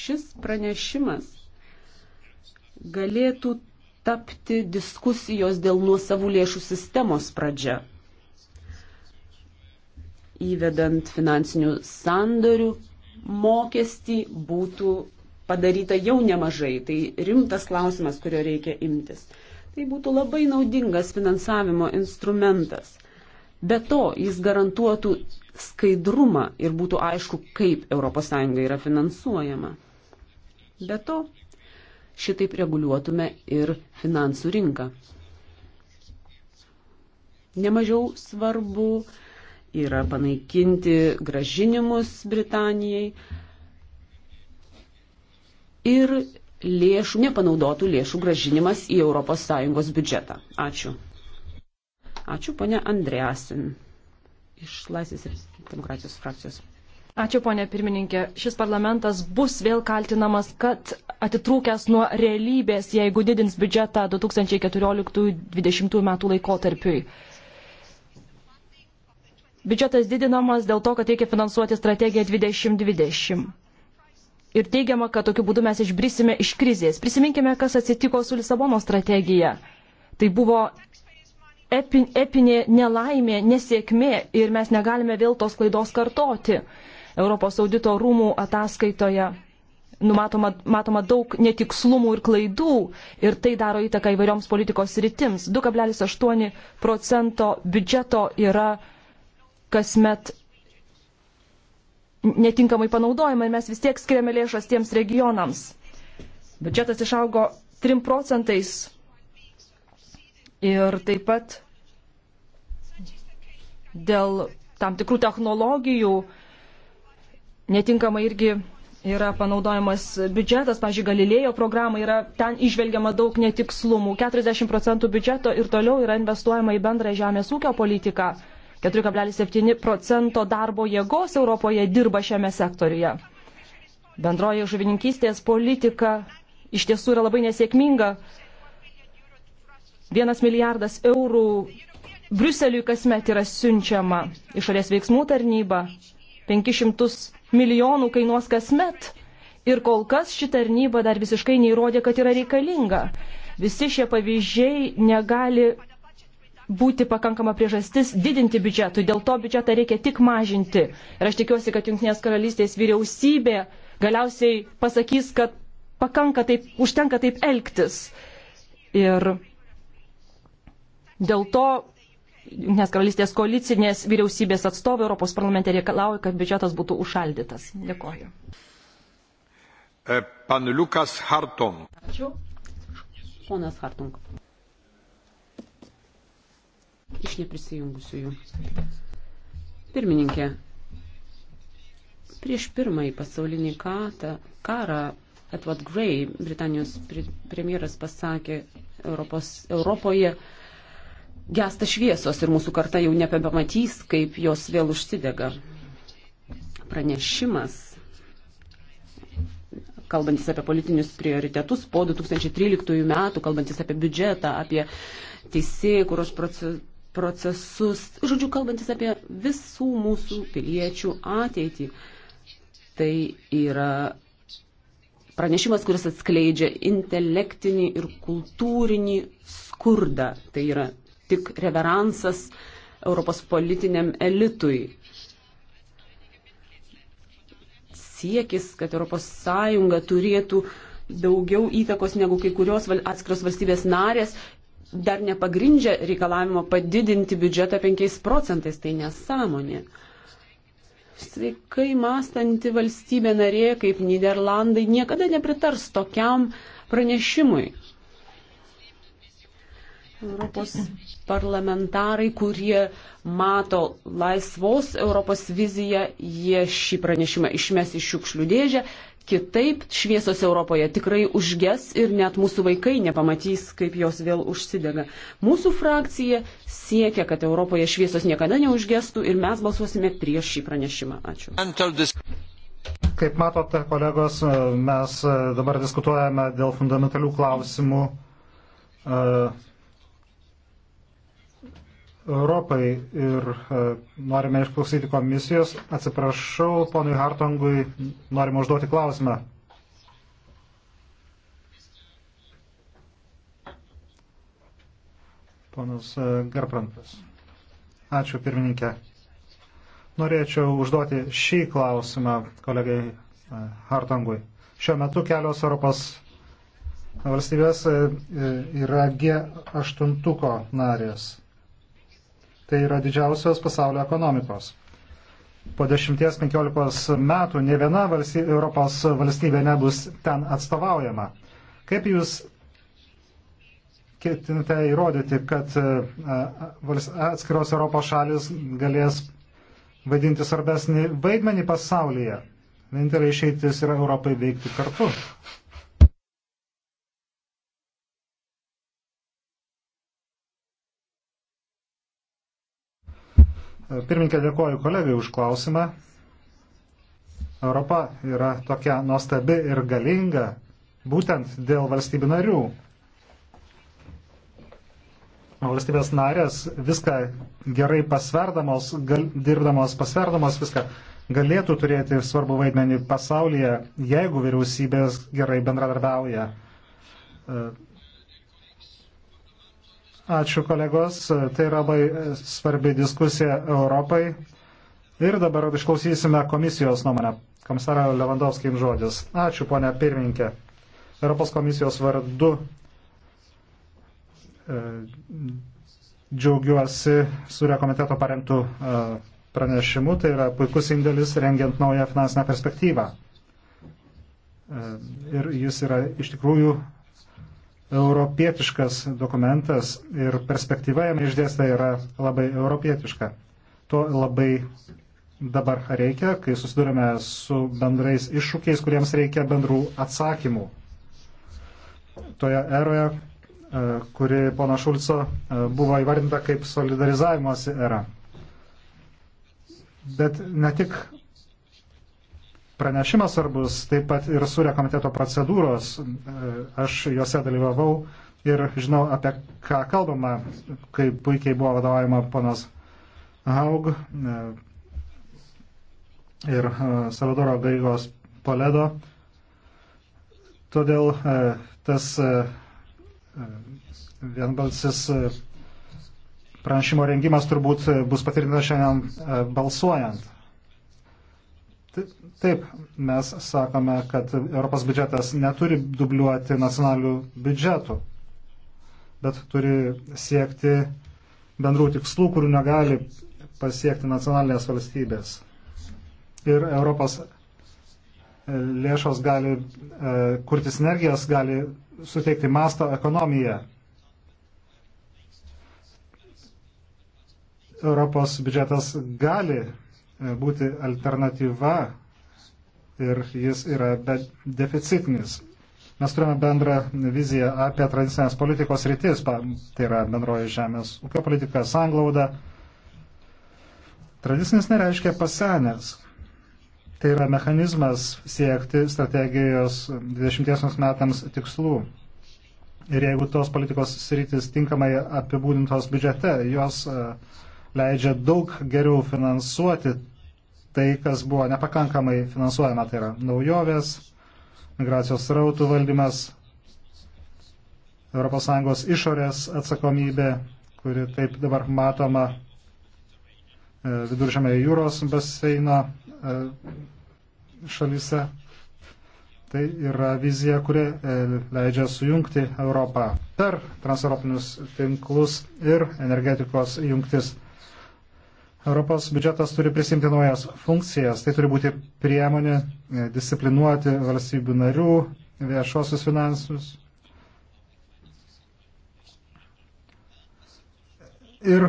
[SPEAKER 3] Šis pranešimas galėtų tapti diskusijos dėl nuosavų lėšų sistemos pradžia. Įvedant finansinių sandorių mokestį būtų padaryta jau nemažai. Tai rimtas klausimas, kurio reikia imtis. Tai būtų labai naudingas finansavimo instrumentas. Be to, jis garantuotų skaidrumą ir būtų aišku, kaip ES yra finansuojama. Be to, šitaip reguliuotume ir finansų rinką. Nemažiau svarbu yra panaikinti gražinimus Britanijai ir lėšų, nepanaudotų lėšų gražinimas į ES biudžetą. Ačiū. Ačiū, ponia Andreasin iš Laisvės ir demokratijos frakcijos.
[SPEAKER 1] Ačiū, ponė pirmininkė. Šis parlamentas bus vėl kaltinamas, kad atitrūkęs nuo realybės, jeigu didins biudžetą 2014-2020 metų laikotarpiui. Biudžetas didinamas dėl to, kad reikia finansuoti strategiją 2020. Ir teigiama, kad tokiu būdu mes išbrisime iš krizės. Prisiminkime, kas atsitiko su Lisabono strategija. Tai buvo epinė nelaimė, nesėkmė ir mes negalime vėl tos klaidos kartoti. Europos audito rūmų ataskaitoje numatoma matoma daug netikslumų ir klaidų ir tai daro įtaką įvairioms politikos rytims. 2,8 procento biudžeto yra kasmet netinkamai panaudojama ir mes vis tiek skiriame lėšas tiems regionams. Biudžetas išaugo 3 procentais ir taip pat dėl tam tikrų technologijų netinkamai irgi yra panaudojamas biudžetas, pažiūrėjau, Galilėjo programai yra ten išvelgiama daug netikslumų. 40 procentų biudžeto ir toliau yra investuojama į bendrą žemės ūkio politiką. 4,7 procento darbo jėgos Europoje dirba šiame sektoriuje. Bendroji žuvininkystės politika iš tiesų yra labai nesėkminga. Vienas milijardas eurų Briuseliui kasmet yra siunčiama išorės veiksmų tarnyba. 500 milijonų kainuos kasmet. Ir kol kas ši tarnyba dar visiškai neįrodė, kad yra reikalinga. Visi šie pavyzdžiai negali būti pakankama priežastis didinti biudžetui. Dėl to biudžetą reikia tik mažinti. Ir aš tikiuosi, kad Junktinės karalystės vyriausybė galiausiai pasakys, kad pakanka taip, užtenka taip elgtis. Ir dėl to Junktinės karalystės koalicinės vyriausybės atstovai Europos parlamente reikalauja, kad biudžetas būtų užšaldytas. Dėkoju.
[SPEAKER 2] E, pan Lukas Hartung. Ačiū.
[SPEAKER 1] Ponas Hartung.
[SPEAKER 3] Iš neprisijungusiųjų. Pirmininkė, prieš pirmąjį pasaulinį karą Edward Gray, Britanijos premjeras, pasakė, Europos, Europoje gesta šviesos ir mūsų karta jau nebematys, kaip jos vėl užsidega. Pranešimas, kalbantis apie politinius prioritetus po 2013 metų, kalbantis apie biudžetą, apie teisėjų, kurios procesus, žodžiu, kalbantis apie visų mūsų piliečių ateitį. Tai yra pranešimas, kuris atskleidžia intelektinį ir kultūrinį skurdą. Tai yra tik reveransas Europos politiniam elitui. Siekis, kad ES turėtų daugiau įtakos negu kai kurios atskiros valstybės narės, dar nepagrindžia reikalavimo padidinti biudžetą 5 procentais. Tai nesąmonė. Sveikai mąstanti valstybė narė kaip Niderlandai niekada nepritars tokiam pranešimui. Europos parlamentarai, kurie mato laisvos Europos viziją, jie šį pranešimą išmes iš šiukšlių dėžę. Kitaip šviesos Europoje tikrai užges ir net mūsų vaikai nepamatys, kaip jos vėl užsidega. Mūsų frakcija siekia, kad Europoje šviesos niekada neužgestų ir mes balsuosime prieš šį pranešimą. Ačiū.
[SPEAKER 2] Kaip matote, kolegos, mes dabar diskutuojame dėl fundamentalių klausimų. Uh, Europai ir e, norime išklausyti komisijos. Atsiprašau, ponui Hartongui norime užduoti klausimą. Ponas e, Garprantas. Ačiū, pirmininkė. Norėčiau užduoti šį klausimą kolegai e, Hartongui. Šiuo metu kelios Europos valstybės yra G8 narės Tai yra didžiausios pasaulio ekonomikos. Po 10-15 metų ne viena valstybė, Europos valstybė nebus ten atstovaujama. Kaip jūs ketinate įrodyti, kad e, atskiros Europos šalis galės vaidinti svarbesnį vaidmenį pasaulyje? Vienintelė išeitis yra Europai veikti kartu. Pirminkė, dėkuoju kolegai už klausimą. Europa yra tokia nuostabi ir galinga būtent dėl valstybių narių. Valstybės narės viską gerai pasverdamos, gal, dirbdamos pasverdamos viską, galėtų turėti svarbu vaidmenį pasaulyje, jeigu vyriausybės gerai bendradarbiauja. Ačiū kolegos, tai yra labai svarbi diskusija Europai. Ir dabar išklausysime komisijos nuomonę. Komisarą Levandovskį jums žodis. Ačiū, ponia pirmininkė. Europos komisijos vardu e, džiaugiuosi surė komiteto paremtų e, pranešimų. Tai yra puikus indėlis rengiant naują finansinę perspektyvą. E, ir jis yra iš tikrųjų europietiškas dokumentas ir perspektyva jame išdėsta yra labai europietiška. To labai dabar reikia, kai susidurime su bendrais iššūkiais, kuriems reikia bendrų atsakymų. Toje eroje, e, kuri pono Šulco e, buvo įvardinta kaip solidarizavimosi era. Bet ne tik pranešimas svarbus, taip pat ir surė komiteto procedūros. Aš juose dalyvavau ir žinau, apie ką kalbama, kaip puikiai buvo vadovaujama ponas Haug e, ir e, Salvadoro Gaigos Poledo. Todėl e, tas vienbalsis pranešimo rengimas turbūt bus patvirtintas šiandien balsuojant. Taip, mes sakome, kad Europos biudžetas neturi dubliuoti nacionalių biudžetų, bet turi siekti bendrų tikslų, kurių negali pasiekti nacionalinės valstybės. Ir Europos e, lėšos gali e, kurti sinergijas, gali suteikti mastą ekonomiją. Europos biudžetas gali e, būti alternatyva ir jis yra deficitinis. Mes turime bendrą viziją apie tradicinės politikos rytis, tai yra bendroji žemės ūkio politika, sanglauda. Tradicinis nereiškia pasenęs. Tai yra mechanizmas siekti strategijos 20 metams tikslų. Ir jeigu tos politikos sritis tinkamai apibūdintos biudžete, jos e, leidžia daug geriau finansuoti tai, kas buvo nepakankamai finansuojama, tai yra naujovės, migracijos rautų valdymas, ES išorės atsakomybė, kuri taip dabar matoma e, viduržėme jūros baseino e, šalyse. Tai yra vizija, kuri e, leidžia sujungti Europą per transeuropinius tinklus ir energetikos jungtis. Europos biudžetas turi prisimti naujas funkcijas. Tai turi būti priemonė e, disciplinuoti valstybių narių viešuosius finansus. Ir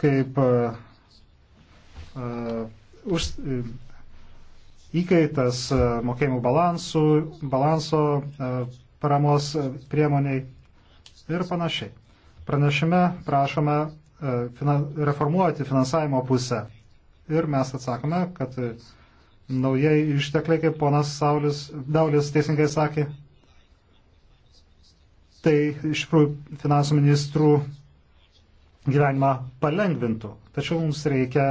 [SPEAKER 2] kaip uh, uh, už, uh, įkaitas mokėjimų balansų, balanso paramos priemoniai ir panašiai. Pranešime prašome E, reformuoti finansavimo pusę. Ir mes atsakome, kad e, naujai ištekliai, kaip ponas Saulis Daulis teisingai sakė, tai iš tikrųjų finansų ministrų gyvenimą palengvintų. Tačiau mums reikia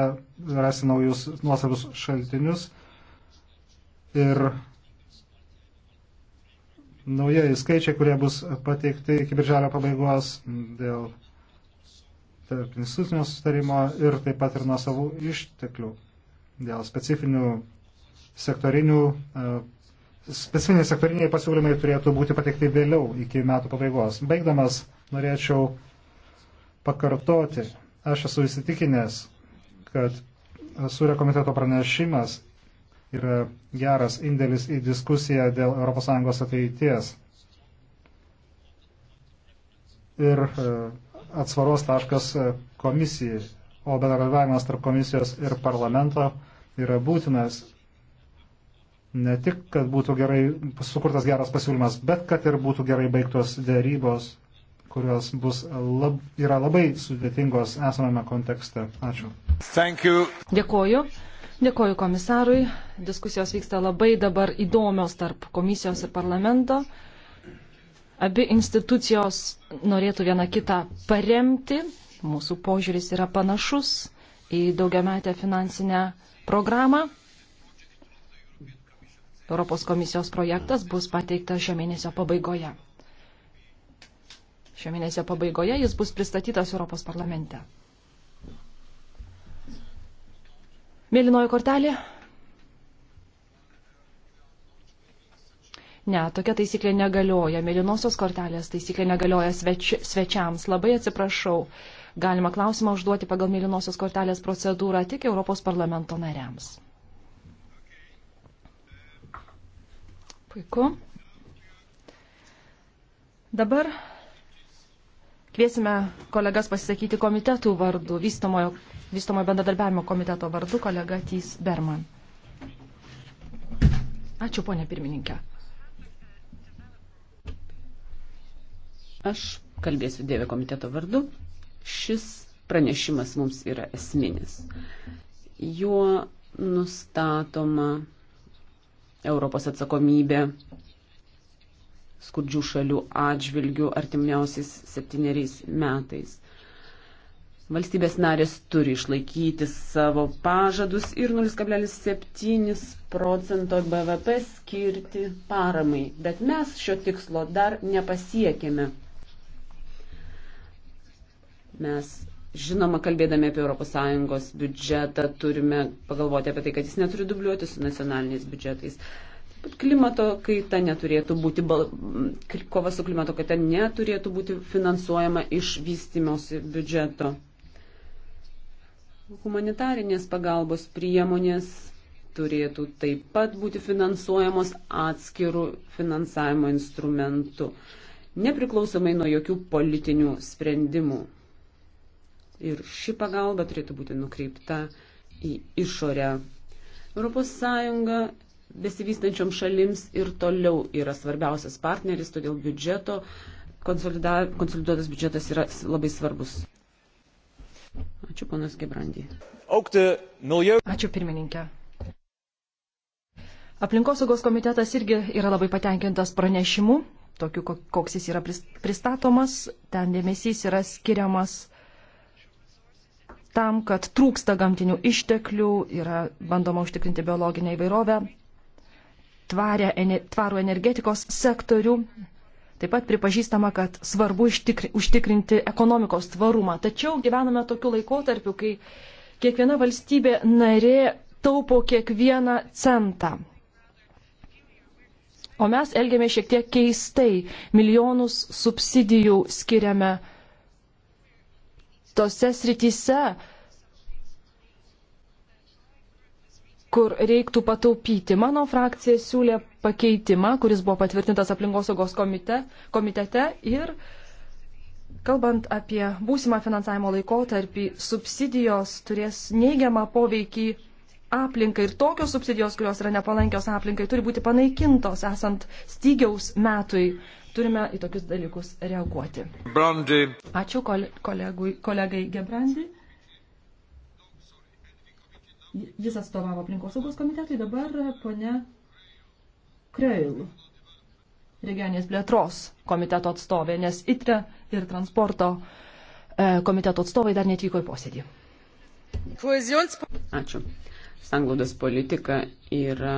[SPEAKER 2] rasti naujus nuosavus šaltinius ir naujieji skaičiai, kurie bus pateikti iki birželio pabaigos dėl tarp institucinio sustarimo ir taip pat ir nuo savų išteklių dėl specifinių sektorinių, e, specifiniai sektoriniai pasiūlymai turėtų būti pateikti vėliau iki metų pabaigos. Baigdamas norėčiau pakartoti, aš esu įsitikinęs, kad Sūrio komiteto pranešimas yra geras indėlis į diskusiją dėl ES ateities. Ir e, atsvaros taškas e, komisijai, o bendradarbiavimas tarp komisijos ir parlamento yra būtinas ne tik, kad būtų gerai sukurtas geras pasiūlymas, bet kad ir būtų gerai baigtos dėrybos, kurios bus lab, yra labai sudėtingos esamame kontekste. Ačiū.
[SPEAKER 1] Dėkoju. Dėkoju komisarui. Diskusijos vyksta labai dabar įdomios tarp komisijos ir parlamento. Abi institucijos norėtų viena kitą paremti, mūsų požiūris yra panašus į daugiametę finansinę programą. Europos komisijos projektas bus pateiktas šio mėnesio pabaigoje. Šio mėnesio pabaigoje jis bus pristatytas Europos parlamente. Mėlynoji kortelė. Ne, tokia taisyklė negalioja. Mėlynosios kortelės taisyklė negalioja sveč, svečiams. Labai atsiprašau. Galima klausimą užduoti pagal mėlynosios kortelės procedūrą tik Europos parlamento nariams. Puiku. Dabar kviesime kolegas pasisakyti komitetų vardu, vystomojo, vystomojo bendradarbiavimo komiteto vardu, kolega Tys Berman. Ačiū, ponė pirmininkė.
[SPEAKER 3] Aš kalbėsiu Dievo komiteto vardu. Šis pranešimas mums yra esminis. Juo nustatoma Europos atsakomybė skurdžių šalių atžvilgių artimiausiais septyneriais metais. Valstybės narės turi išlaikyti savo pažadus ir 0,7 procento BVP skirti paramai, bet mes šio tikslo dar nepasiekėme. Mes, žinoma, kalbėdami apie ES biudžetą, turime pagalvoti apie tai, kad jis neturi dubliuoti su nacionaliniais biudžetais. Klimato kaita neturėtų būti, kova su klimato kaita neturėtų būti finansuojama iš vystimosi biudžeto. Humanitarinės pagalbos priemonės turėtų taip pat būti finansuojamos atskirų finansavimo instrumentų, nepriklausomai nuo jokių politinių sprendimų ir ši pagalba turėtų būti nukreipta į išorę. ES besivystančiom šalims ir toliau yra svarbiausias partneris, todėl biudžeto, konsoliduotas biudžetas yra labai svarbus. Ačiū, ponas Gebrandį.
[SPEAKER 1] Ačiū, pirmininkė. Aplinkosaugos komitetas irgi yra labai patenkintas pranešimu, tokiu, koks jis yra pristatomas. Ten dėmesys yra skiriamas tam, kad trūksta gamtinių išteklių, yra bandoma užtikrinti biologinę įvairovę, tvarų energetikos sektorių. Taip pat pripažįstama, kad svarbu užtikrinti ekonomikos tvarumą. Tačiau gyvename tokiu laikotarpiu, kai kiekviena valstybė narė taupo kiekvieną centą. O mes elgiame šiek tiek keistai. Milijonus subsidijų skiriame uh, tose srityse, kur reiktų pataupyti. Mano frakcija siūlė pakeitimą, kuris buvo patvirtintas aplinkosaugos komite, komitete ir Kalbant apie būsimą finansavimo laikotarpį, subsidijos turės neigiamą poveikį aplinkai ir tokios subsidijos, kurios yra nepalankios aplinkai, turi būti panaikintos esant stygiaus metui. Turime į tokius dalykus reaguoti. Brandy. Ačiū kolegui, kolegai Gebrandi. Jis atstovavo aplinkosaugos komitetui, dabar ponia Kreil, regioninės plėtros komiteto atstovė, nes ITRE ir transporto e, komiteto atstovai dar netvyko į posėdį.
[SPEAKER 3] Ačiū sanglaudos politika yra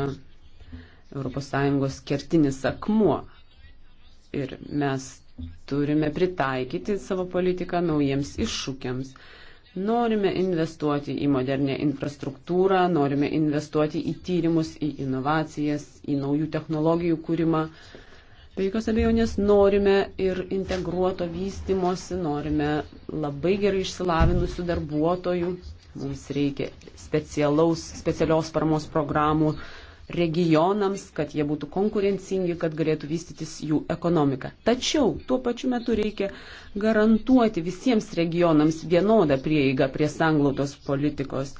[SPEAKER 3] ES kertinis akmuo. Ir mes turime pritaikyti savo politiką naujiems iššūkiams. Norime investuoti į modernę infrastruktūrą, norime investuoti į tyrimus, į inovacijas, į naujų technologijų kūrimą. Be jokios abejonės norime ir integruoto vystimosi, norime labai gerai išsilavinusių darbuotojų, Mums reikia specialios paramos programų regionams, kad jie būtų konkurencingi, kad galėtų vystytis jų ekonomika. Tačiau tuo pačiu metu reikia garantuoti visiems regionams vienodą prieigą prie sanglautos politikos.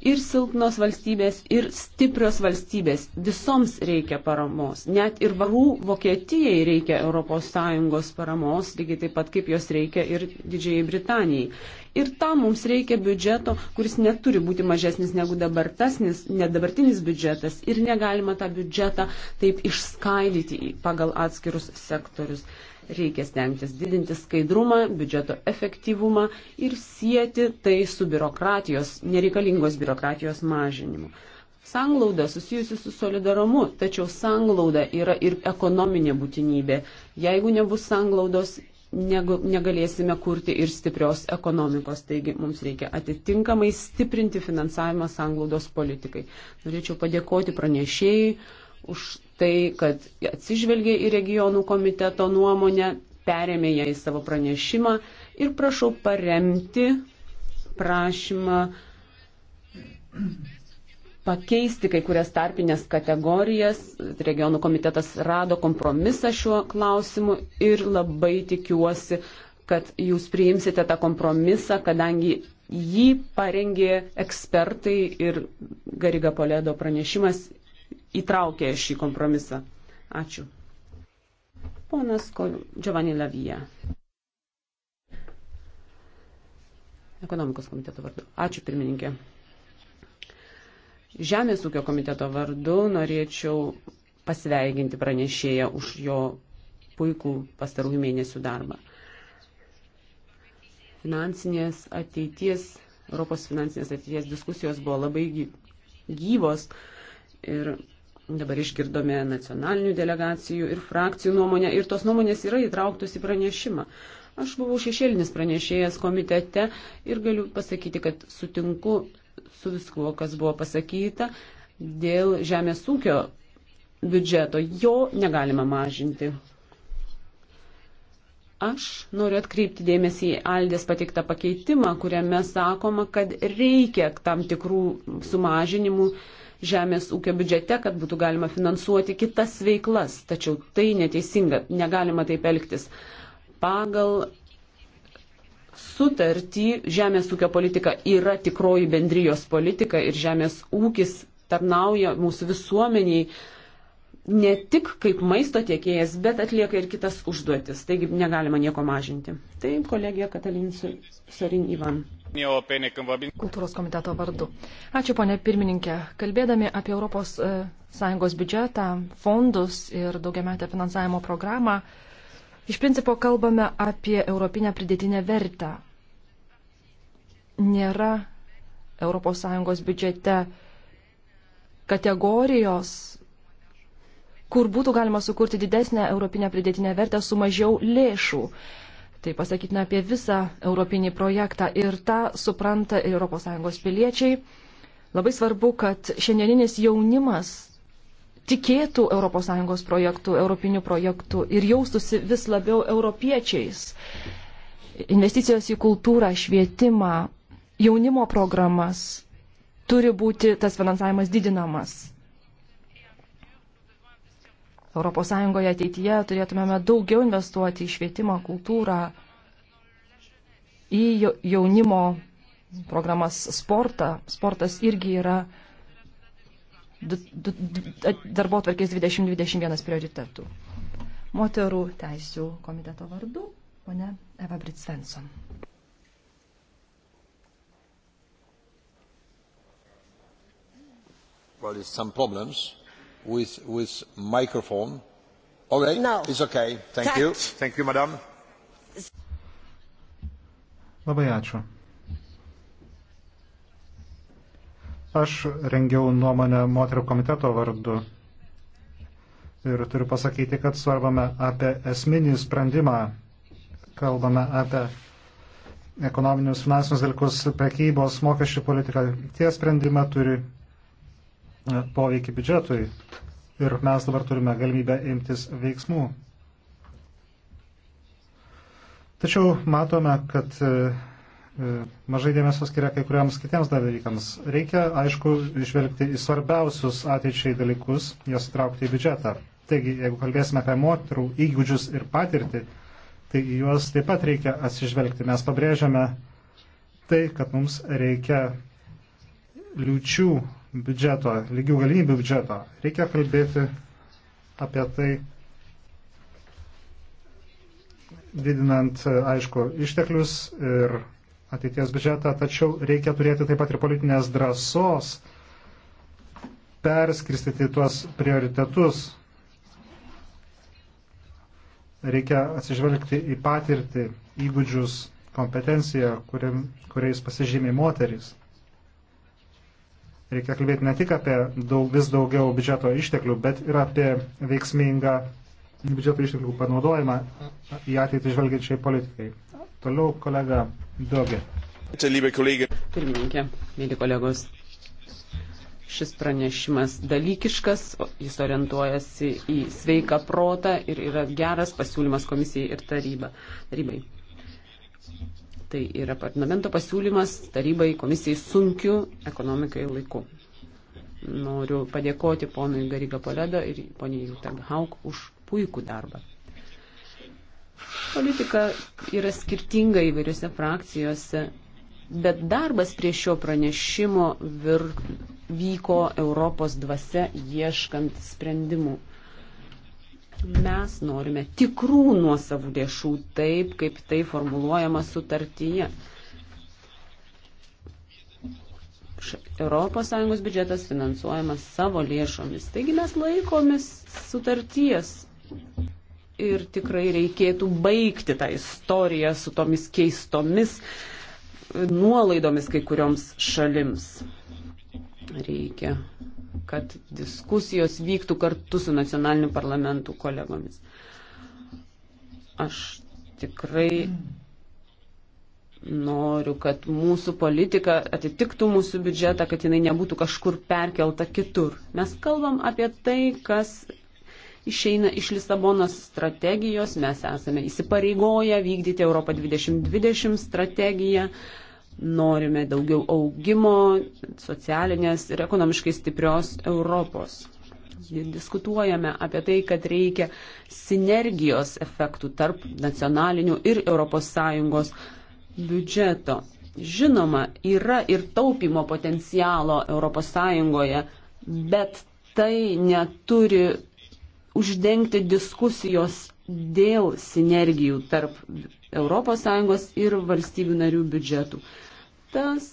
[SPEAKER 3] Ir silpnos valstybės, ir stiprios valstybės. Visoms reikia paramos. Net ir varų Vokietijai reikia ES paramos, lygiai taip pat kaip jos reikia ir Didžiai Britanijai. Ir tam mums reikia biudžeto, kuris neturi būti mažesnis negu dabartasnis, nedabartinis biudžetas. Ir negalima tą biudžetą taip išskaidyti pagal atskirus sektorius. Reikia stengtis didinti skaidrumą, biudžeto efektyvumą ir sieti tai su biurokratijos, nereikalingos biurokratijos mažinimu. Sanglauda susijusi su solidarumu, tačiau sanglauda yra ir ekonominė būtinybė. Jeigu nebus sanglaudos, negalėsime kurti ir stiprios ekonomikos. Taigi mums reikia atitinkamai stiprinti finansavimą sanglaudos politikai. Norėčiau padėkoti pranešėjai už tai, kad atsižvelgė į regionų komiteto nuomonę, perėmė ją į savo pranešimą ir prašau paremti prašymą pakeisti kai kurias tarpinės kategorijas. Regionų komitetas rado kompromisą šiuo klausimu ir labai tikiuosi, kad jūs priimsite tą kompromisą, kadangi jį parengė ekspertai ir Gariga Polėdo pranešimas įtraukė šį kompromisą. Ačiū. Ponas Giovanni Lavija. Ekonomikos komiteto vardu. Ačiū pirmininkė. Žemės ūkio komiteto vardu norėčiau pasveikinti pranešėją už jo puikų pastarųjų mėnesių darbą. Finansinės ateities, Europos finansinės ateities diskusijos buvo labai gyvos ir dabar išgirdome nacionalinių delegacijų ir frakcijų nuomonę ir tos nuomonės yra įtrauktos į pranešimą. Aš buvau šešėlinis pranešėjas komitete ir galiu pasakyti, kad sutinku su viskuo, kas buvo pasakyta dėl žemės ūkio biudžeto. Jo negalima mažinti. Aš noriu atkreipti dėmesį į Aldės pateiktą pakeitimą, kuriame sakoma, kad reikia tam tikrų sumažinimų žemės ūkio biudžete, kad būtų galima finansuoti kitas veiklas. Tačiau tai neteisinga, negalima taip elgtis. Pagal sutartį, žemės ūkio politika yra tikroji bendrijos politika ir žemės ūkis tarnauja mūsų visuomeniai ne tik kaip maisto tiekėjas, bet atlieka ir kitas užduotis. Taigi negalima nieko mažinti. Tai kolegija Katalin Sorin
[SPEAKER 1] Ivan. Kultūros komiteto vardu. Ačiū, ponė pirmininkė. Kalbėdami apie ES e, biudžetą, fondus ir daugiametę finansavimo programą, Iš principo kalbame apie europinę pridėtinę vertę. Nėra ES biudžete kategorijos, kur būtų galima sukurti didesnę europinę pridėtinę vertę su mažiau lėšų. Tai pasakytume apie visą europinį projektą ir tą supranta ir ES piliečiai. Labai svarbu, kad šiandieninis jaunimas tikėtų ES projektų, europinių projektų ir jaustųsi vis labiau europiečiais. Investicijos į kultūrą, švietimą, jaunimo programas turi būti tas finansavimas didinamas. ES ateityje turėtumėme daugiau investuoti į švietimą, kultūrą, į jaunimo programas, sportą. Sportas irgi yra uh, darbo tvarkės 2021 prioritetų. Moterų teisų komiteto vardu, ponė Eva Britsvenson. Well, it's some problems with, with microphone. All right, no. it's
[SPEAKER 2] okay. Thank Tack. you. Thank you, madam. Labai ačiū. Aš rengiau nuomonę moterų komiteto vardu ir turiu pasakyti, kad svarbame apie esminį sprendimą, kalbame apie ekonominius finansinius dalykus, prekybos, mokesčių politiką. Tie sprendimai turi e, poveikį biudžetui ir mes dabar turime galimybę imtis veiksmų. Tačiau matome, kad e, e, mažai dėmesio skiria kai kuriams kitiems dalykams. Reikia, aišku, išvelgti į svarbiausius ateičiai dalykus, juos įtraukti į biudžetą. Taigi, jeigu kalbėsime apie moterų įgūdžius ir patirtį, tai į juos taip pat reikia atsižvelgti. Mes pabrėžiame tai, kad mums reikia liučių biudžeto, lygių galimybių biudžeto. Reikia kalbėti apie tai, didinant, aišku, išteklius ir ateities biudžetą, tačiau reikia turėti taip pat ir politinės drąsos perskirstyti tuos prioritetus. Reikia atsižvelgti į patirtį, įgūdžius, kompetenciją, kuriam, kuriais pasižymė moteris. Reikia kalbėti ne tik apie daug, vis daugiau biudžeto išteklių, bet ir apie veiksmingą biudžeto išteklių panaudojimą į ateitį žvelgiančiai politikai. Toliau kolega Dogė.
[SPEAKER 1] Pirmininkė,
[SPEAKER 3] mėly kolegos, šis pranešimas dalykiškas, jis orientuojasi į sveiką protą ir yra geras pasiūlymas komisijai ir taryba, tarybai. Tai yra parlamento pasiūlymas tarybai komisijai sunkiu ekonomikai laiku. Noriu padėkoti ponui Gariga Poledo ir poniai Jutag Hauk už puikų darbą. Politika yra skirtinga įvairiose frakcijose, bet darbas prie šio pranešimo vir, vyko Europos dvasia ieškant sprendimų mes norime tikrų nuosavų lėšų, taip kaip tai formuluojama sutartyje. ES biudžetas finansuojamas savo lėšomis. Taigi mes laikomės sutarties Ir tikrai reikėtų baigti tą istoriją su tomis keistomis nuolaidomis kai kurioms šalims. Reikia, kad diskusijos vyktų kartu su nacionaliniu parlamentu kolegomis. Aš tikrai noriu, kad mūsų politika atitiktų mūsų biudžetą, kad jinai nebūtų kažkur perkelta kitur. Mes kalbam apie tai, kas išeina iš Lisabonos strategijos, mes esame įsipareigoję vykdyti Europą 2020 strategiją, norime daugiau augimo, socialinės ir ekonomiškai stiprios Europos. Diskutuojame apie tai, kad reikia sinergijos efektų tarp nacionalinių ir ES biudžeto. Žinoma, yra ir taupimo potencialo ES, bet tai neturi uždengti diskusijos dėl sinergijų tarp ES ir valstybių narių biudžetų. Tas,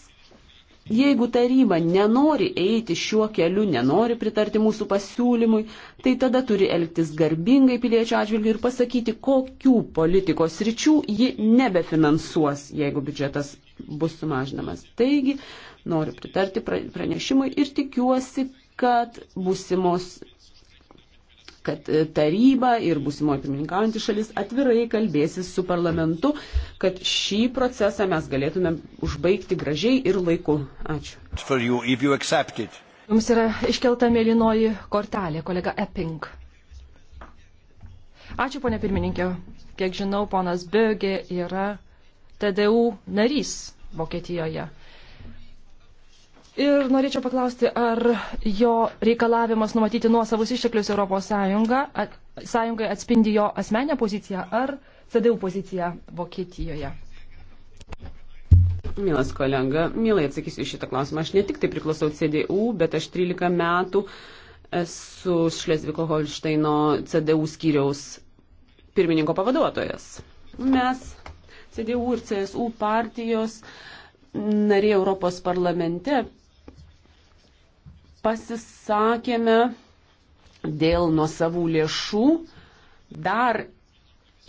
[SPEAKER 3] jeigu taryba nenori eiti šiuo keliu, nenori pritarti mūsų pasiūlymui, tai tada turi elgtis garbingai piliečių atžvilgių ir pasakyti, kokių politikos ryčių ji nebefinansuos, jeigu biudžetas bus sumažinamas. Taigi, noriu pritarti pranešimui ir tikiuosi, kad būsimos kad taryba ir būsimoji pirmininkaujantys šalis atvirai kalbėsis su parlamentu, kad šį procesą mes galėtumėm užbaigti gražiai ir laiku. Ačiū. You, you
[SPEAKER 1] Jums yra iškelta mėlynoji kortelė, kolega Epping. Ačiū, ponė pirmininkė. Kiek žinau, ponas Bögė yra TDU narys Vokietijoje. Ir norėčiau paklausti, ar jo reikalavimas numatyti nuosavus išteklius ES at, sąjungai atspindi jo asmenę poziciją ar CDU poziciją Vokietijoje.
[SPEAKER 3] Mielas kolega, mielai atsakysiu šitą klausimą. Aš ne tik tai priklausau CDU, bet aš 13 metų esu Šlesviko Holšteino CDU skyriaus pirmininko pavaduotojas. Mes, CDU ir CSU partijos, nariai Europos parlamente pasisakėme dėl nuosavų lėšų dar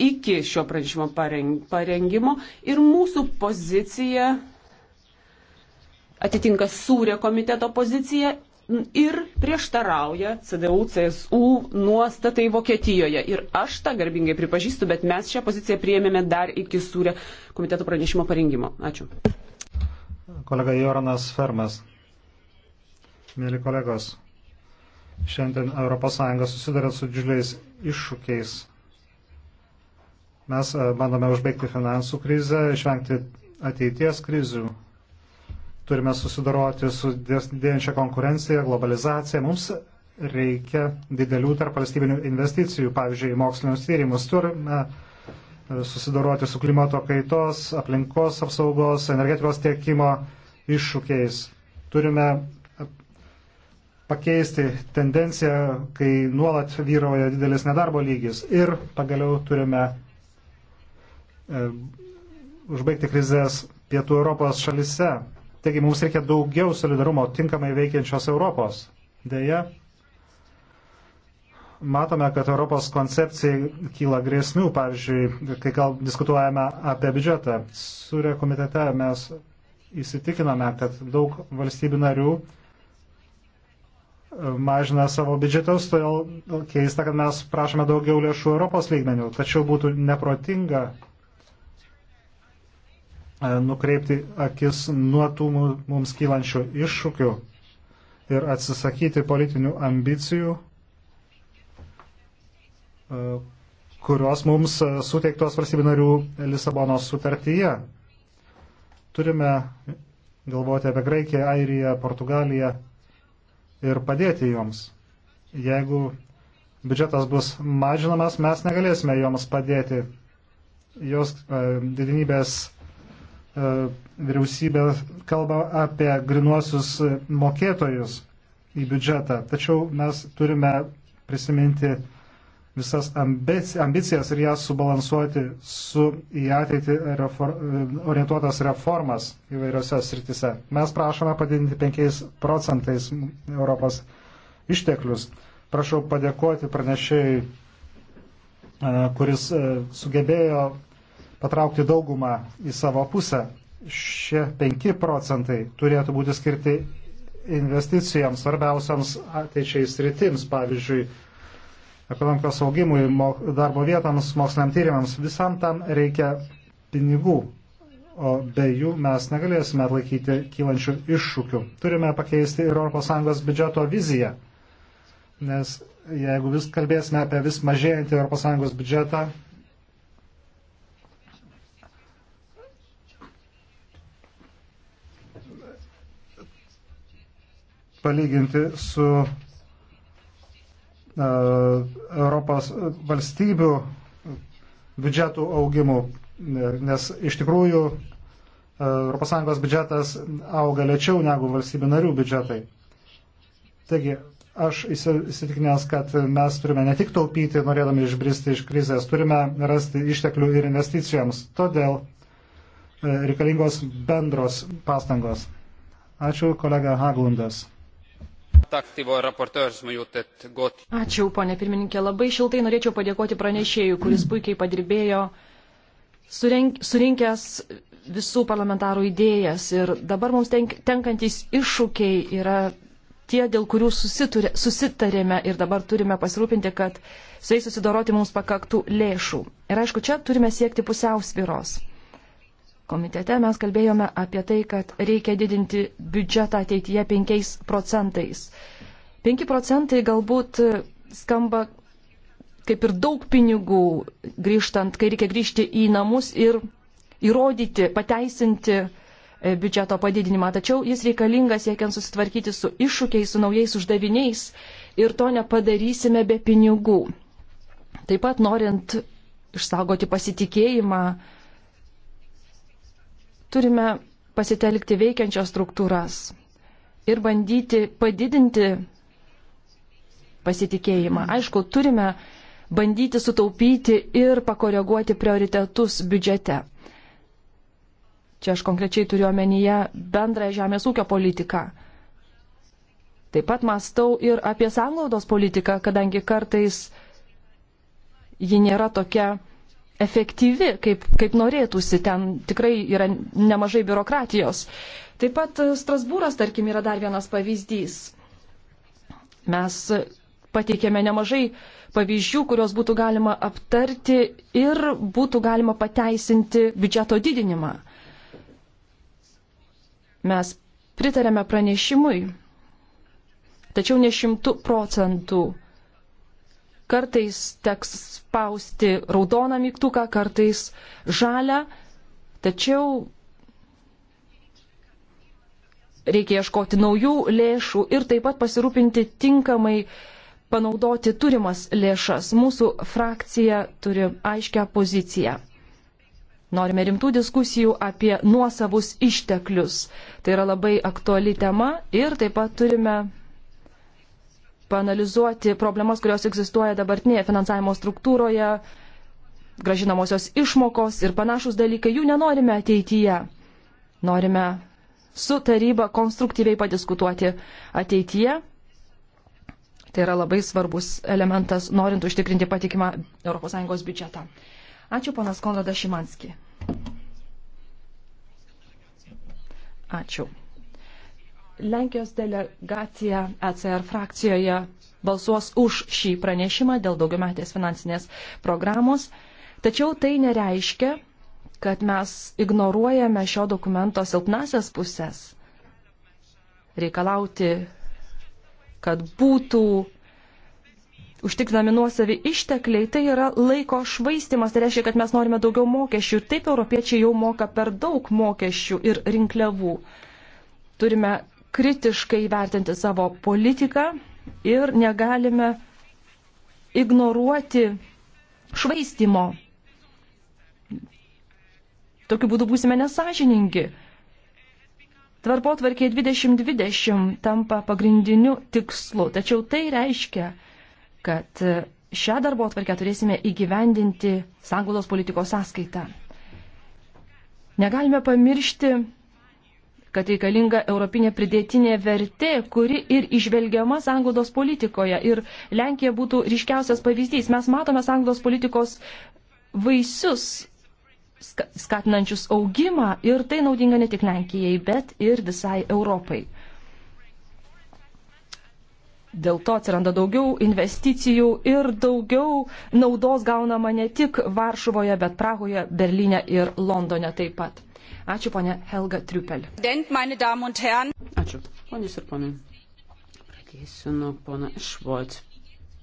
[SPEAKER 3] iki šio pranešimo parengimo ir mūsų pozicija atitinka sūrė komiteto poziciją ir prieštarauja CDU, CSU nuostatai Vokietijoje. Ir aš tą garbingai pripažįstu, bet mes šią poziciją priėmėme dar iki sūrė komiteto pranešimo parengimo. Ačiū.
[SPEAKER 2] Kolega Joranas Fermas mėly kolegos. Šiandien ES susiduria su didžiuliais iššūkiais. Mes e, bandome užbaigti finansų krizę, išvengti ateities krizių. Turime susidoroti su didėjančia konkurencija, globalizacija. Mums reikia didelių tarp valstybinių investicijų, pavyzdžiui, mokslinius tyrimus. Turime e, susidoroti su klimato kaitos, aplinkos apsaugos, energetikos tiekimo iššūkiais. Turime pakeisti tendenciją, kai nuolat vyrauja didelis nedarbo lygis. Ir pagaliau turime e, užbaigti krizės pietų Europos šalise. Taigi mums reikia daugiau solidarumo tinkamai veikiančios Europos. Deja, matome, kad Europos koncepcijai kyla grėsmių, pavyzdžiui, kai gal diskutuojame apie biudžetą. Surė komitete mes įsitikiname, kad daug valstybių narių mažina savo biudžetus, todėl keista, kad mes prašome daugiau lėšų Europos lygmenių, tačiau būtų neprotinga e, nukreipti akis nuo tų mums kylančių iššūkių ir atsisakyti politinių ambicijų, e, kurios mums e, suteiktos valstybių narių Lisabonos sutartyje. Turime galvoti apie Graikiją, Airiją, Portugaliją ir padėti joms. Jeigu biudžetas bus mažinamas, mes negalėsime joms padėti. Jos e, didinybės e, vyriausybė kalba apie grinuosius mokėtojus į biudžetą, tačiau mes turime prisiminti visas ambicijas ir jas subalansuoti su į ateitį refor, orientuotas reformas įvairiose sritise. Mes prašome padidinti 5 procentais Europos išteklius. Prašau padėkoti pranešėjai, kuris sugebėjo patraukti daugumą į savo pusę. Šie 5 procentai turėtų būti skirti investicijoms svarbiausiams ateičiai sritims, pavyzdžiui, ekonomikos augimui, darbo vietams, moksliniam tyrimams, visam tam reikia pinigų, o be jų mes negalėsime atlaikyti kylančių iššūkių. Turime pakeisti ir ES biudžeto viziją, nes jeigu vis kalbėsime apie vis mažėjantį ES biudžetą, palyginti su E, Europos valstybių biudžetų augimu, e, nes iš tikrųjų ES biudžetas auga lėčiau negu valstybių narių biudžetai. Taigi, aš įsitikinęs, kad mes turime ne tik taupyti, norėdami išbristi iš krizės, turime rasti išteklių ir investicijoms. Todėl e, reikalingos bendros pastangos. Ačiū, kolega Haglundas. Ačiū,
[SPEAKER 1] ponė pirmininkė. Labai šiltai norėčiau padėkoti pranešėjui, kuris mm. puikiai padirbėjo, surink, surinkęs visų parlamentarų idėjas. Ir dabar mums tenk, tenkantys iššūkiai yra tie, dėl kurių susitarėme ir dabar turime pasirūpinti, kad su jais susidoroti mums pakaktų lėšų. Ir aišku, čia turime siekti pusiausviros komitete mes kalbėjome apie tai, kad reikia didinti biudžetą ateityje 5 procentais. 5 procentai galbūt skamba kaip ir daug pinigų grįžtant, kai reikia grįžti į namus ir įrodyti, pateisinti e, biudžeto padidinimą. Tačiau jis reikalingas siekiant susitvarkyti su iššūkiais, su naujais uždaviniais ir to nepadarysime be pinigų. Taip pat norint išsaugoti pasitikėjimą, Turime pasitelkti veikiančias struktūras ir bandyti padidinti pasitikėjimą. Aišku, turime bandyti sutaupyti ir pakoreguoti prioritetus biudžete. Čia aš konkrečiai turiu omenyje bendrą žemės ūkio politiką. Taip pat mąstau ir apie sanglaudos politiką, kadangi kartais ji nėra tokia efektyvi, kaip, kaip norėtųsi. Ten tikrai yra nemažai biurokratijos. Taip pat e, Strasbūras, tarkim, yra dar vienas pavyzdys. Mes pateikėme nemažai pavyzdžių, kuriuos būtų galima aptarti ir būtų galima pateisinti biudžeto didinimą. Mes pritarėme pranešimui, tačiau ne šimtų procentų Kartais teks spausti raudoną mygtuką, kartais žalę, tačiau reikia ieškoti naujų lėšų ir taip pat pasirūpinti tinkamai panaudoti turimas lėšas. Mūsų frakcija turi aiškę poziciją. Norime rimtų diskusijų apie nuosavus išteklius. Tai yra labai aktuali tema ir taip pat turime panalizuoti problemas, kurios egzistuoja dabartinėje finansavimo struktūroje, gražinamosios išmokos ir panašus dalykai, jų nenorime ateityje. Norime su taryba konstruktyviai padiskutuoti ateityje. Tai yra labai svarbus elementas, norint užtikrinti patikimą ES biudžetą. Ačiū, ponas Konradas Šimanski. Ačiū. Lenkijos delegacija ECR frakcijoje balsuos už šį pranešimą dėl daugiametės finansinės programos, tačiau tai nereiškia, kad mes ignoruojame šio dokumento silpnasias pusės. Reikalauti, kad būtų užtikrinami nuosavi ištekliai, tai yra laiko švaistimas, tai reiškia, kad mes norime daugiau mokesčių ir taip europiečiai jau moka per daug mokesčių ir rinkliavų. Turime kritiškai vertinti savo politiką ir negalime ignoruoti švaistimo. Tokiu būdu būsime nesažiningi. Tvarkotvarkė 2020 tampa pagrindiniu tikslu, tačiau tai reiškia, kad šią darbo atvarkę turėsime įgyvendinti sanglaudos politikos sąskaitą. Negalime pamiršti kad reikalinga europinė pridėtinė vertė, kuri ir išvelgiama sanglaudos politikoje. Ir Lenkija būtų ryškiausias pavyzdys. Mes matome sanglaudos politikos vaisius skatinančius augimą ir tai naudinga ne tik Lenkijai, bet ir visai Europai. Dėl to atsiranda daugiau investicijų ir daugiau naudos gaunama ne tik Varšuvoje, bet Prahoje, Berlyne ir Londone taip pat. Ačiū, ponė Helga Triupel. Ačiū,
[SPEAKER 3] ponės ir ponai. Pradėsiu nuo pono Švot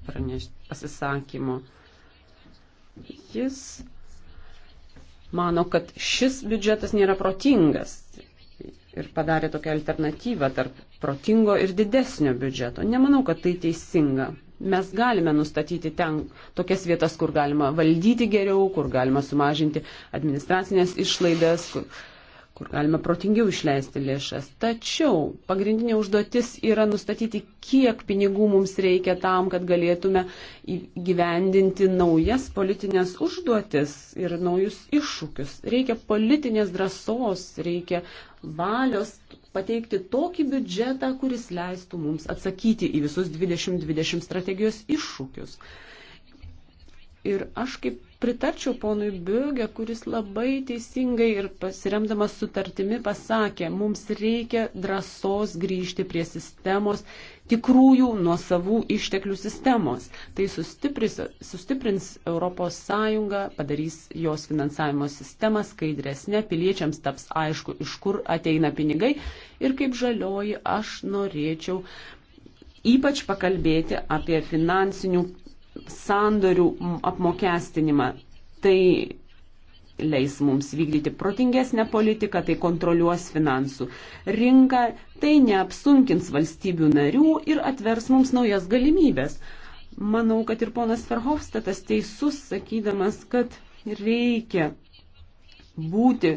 [SPEAKER 3] pasisakymo. Jis mano, kad šis biudžetas nėra protingas ir padarė tokią alternatyvą tarp protingo ir didesnio biudžeto. Nemanau, kad tai teisinga. Mes galime nustatyti ten tokias vietas, kur galima valdyti geriau, kur galima sumažinti administracinės išlaidas, kur kur galima protingiau išleisti lėšas. Tačiau pagrindinė užduotis yra nustatyti, kiek pinigų mums reikia tam, kad galėtume gyvendinti naujas politinės užduotis ir naujus iššūkius. Reikia politinės drąsos, reikia valios pateikti tokį biudžetą, kuris leistų mums atsakyti į visus 2020 strategijos iššūkius. Ir aš kaip pritarčiau ponui Biugė, kuris labai teisingai ir pasiremdamas sutartimi pasakė, mums reikia drąsos grįžti prie sistemos, tikrųjų nuo savų išteklių sistemos. Tai sustiprins, sustiprins ES, padarys jos finansavimo sistemą skaidresnė, piliečiams taps aišku, iš kur ateina pinigai ir kaip žalioji aš norėčiau ypač pakalbėti apie finansinių sandorių apmokestinimą. Tai leis mums vykdyti protingesnę politiką, tai kontroliuos finansų rinką, tai neapsunkins valstybių narių ir atvers mums naujas galimybės. Manau, kad ir ponas Verhofstadas teisus, sakydamas, kad reikia būti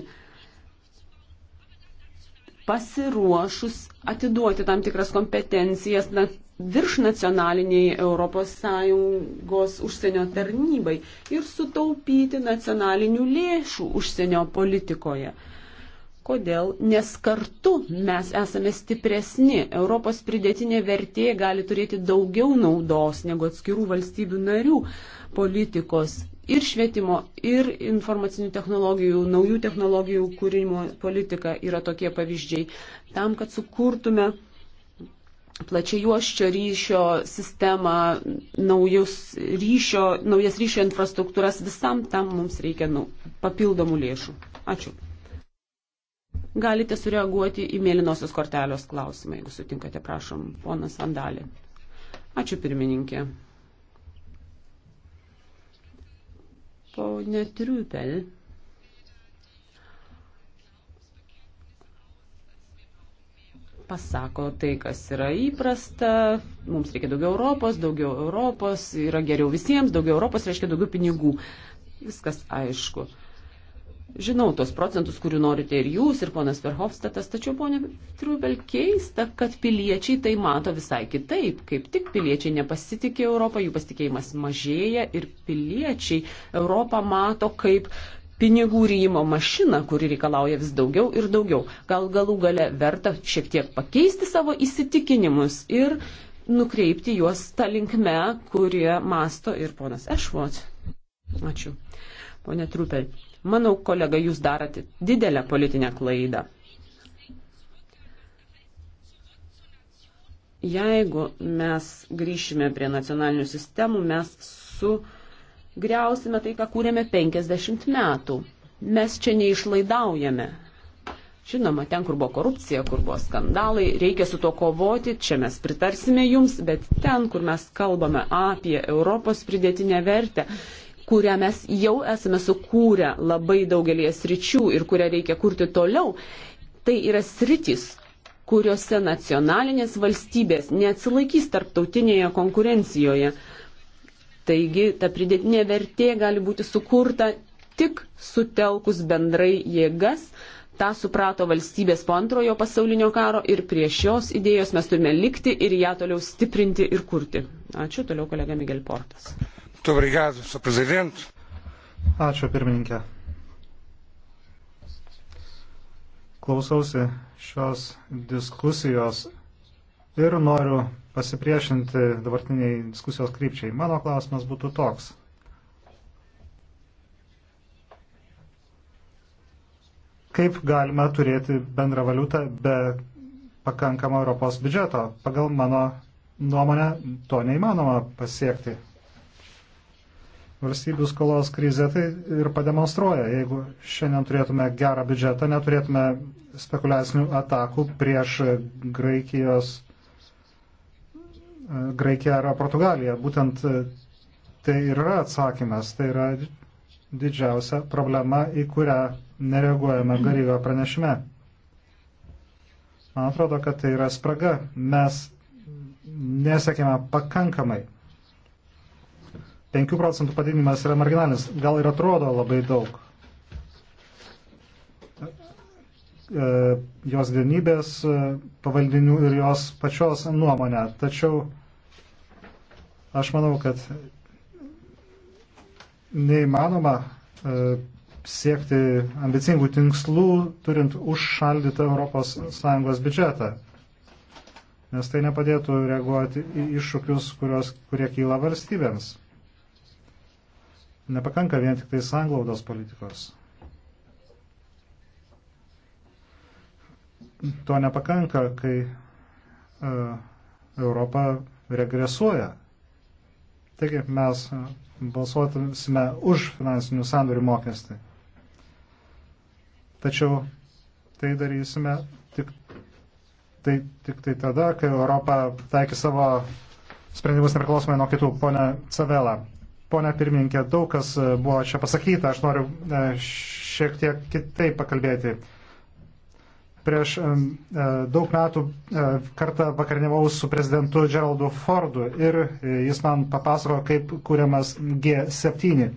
[SPEAKER 3] pasiruošus atiduoti tam tikras kompetencijas viršnacionaliniai ES užsienio tarnybai ir sutaupyti nacionalinių lėšų užsienio politikoje. Kodėl? Nes kartu mes esame stipresni. Europos pridėtinė vertė gali turėti daugiau naudos negu atskirų valstybių narių politikos ir švietimo, ir informacinių technologijų, naujų technologijų kūrimo politika yra tokie pavyzdžiai. Tam, kad sukurtume plačiajuoščio ryšio sistemą, naujus ryšio, naujas ryšio infrastruktūras, visam tam mums reikia nu, papildomų lėšų. Ačiū. Galite sureaguoti į mėlynosios kortelės klausimą, jeigu sutinkate, prašom, ponas Andalė. Ačiū pirmininkė. Pone Triupel. pasako tai, kas yra įprasta, mums reikia daugiau Europos, daugiau Europos, yra geriau visiems, daugiau Europos reiškia daugiau pinigų. Viskas aišku. Žinau tos procentus, kurių norite ir jūs, ir ponas Verhofstatas, tačiau, ponė Triubel, keista, kad piliečiai tai mato visai kitaip. Kaip tik piliečiai nepasitikė Europą, jų pasitikėjimas mažėja ir piliečiai Europą mato kaip pinigų ryjimo mašiną, kuri reikalauja vis daugiau ir daugiau. Gal galų gale verta šiek tiek pakeisti savo įsitikinimus ir nukreipti juos tą linkmę, kurie masto ir ponas Ešvot. Ačiū. Pone Trupel, manau, kolega, jūs darote didelę politinę klaidą. Jeigu mes grįšime prie nacionalinių sistemų, mes su Griausime tai, ką kūrėme 50 metų. Mes čia neišlaidaujame. Žinoma, ten, kur buvo korupcija, kur buvo skandalai, reikia su to kovoti, čia mes pritarsime jums, bet ten, kur mes kalbame apie Europos pridėtinę vertę, kurią mes jau esame sukūrę labai daugelie sričių ir kurią reikia kurti toliau, tai yra sritis, kuriuose nacionalinės valstybės neatsilaikys tarptautinėje konkurencijoje. Taigi ta pridėtinė vertė gali būti sukurta tik sutelkus bendrai jėgas. Ta suprato valstybės po antrojo pasaulinio karo ir prie šios idėjos mes turime likti ir ją toliau stiprinti ir kurti. Ačiū toliau kolega Miguel Portas.
[SPEAKER 2] Obrigado, Ačiū pirmininkė. Klausausi šios diskusijos ir noriu pasipriešinti dabartiniai diskusijos krypčiai. Mano klausimas būtų toks. Kaip galima turėti bendrą valiutą be pakankamo Europos biudžeto? Pagal mano nuomonę to neįmanoma pasiekti. Valstybių skolos krizė tai ir pademonstruoja. Jeigu šiandien turėtume gerą biudžetą, neturėtume spekuliacinių atakų prieš Graikijos Graikiją ar Portugaliją. Būtent e, tai ir yra atsakymas, tai yra didžiausia problema, į kurią nereaguojame Garygo pranešime. Man atrodo, kad tai yra spraga. Mes nesakėme pakankamai. 5 procentų padidinimas yra marginalinis, gal ir atrodo labai daug. E, jos vienybės e, pavaldinių ir jos pačios nuomonę. Tačiau Aš manau, kad neįmanoma e, siekti ambicingų tinkslų, turint užšaldytą ES biudžetą, nes tai nepadėtų reaguoti į iššūkius, kurios, kurie kyla valstybėms. Nepakanka vien tik tai sanglaudos politikos. To nepakanka, kai uh, Europa regresuoja Taigi mes balsuotume už finansinių sandorių mokestį. Tačiau tai darysime tik tai, tik tai tada, kai Europa taikys savo sprendimus nepriklausomai nuo kitų. Pone Cavela, pone pirmininkė, daug kas buvo čia pasakyta, aš noriu e, šiek tiek kitaip pakalbėti. Prieš e, daug metų e, kartą vakarnevau su prezidentu Geraldu Fordu ir e, jis man papasako, kaip kūriamas G7.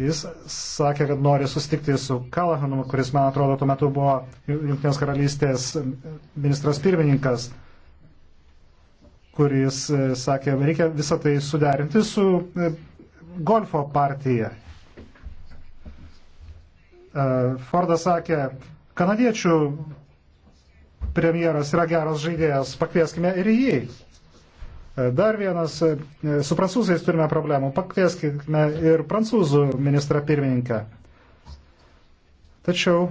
[SPEAKER 2] Jis sakė, kad nori susitikti su Kalahanu, kuris, man atrodo, tuo metu buvo Junktinės karalystės ministras pirmininkas, kuris sakė, reikia visą tai suderinti su golfo partija. Fordas sakė, Kanadiečių premjeras yra geras žaidėjas, pakvieskime ir jį. E, dar vienas, e, su prancūzais turime problemų, pakvieskime ir prancūzų ministrą pirmininką. Tačiau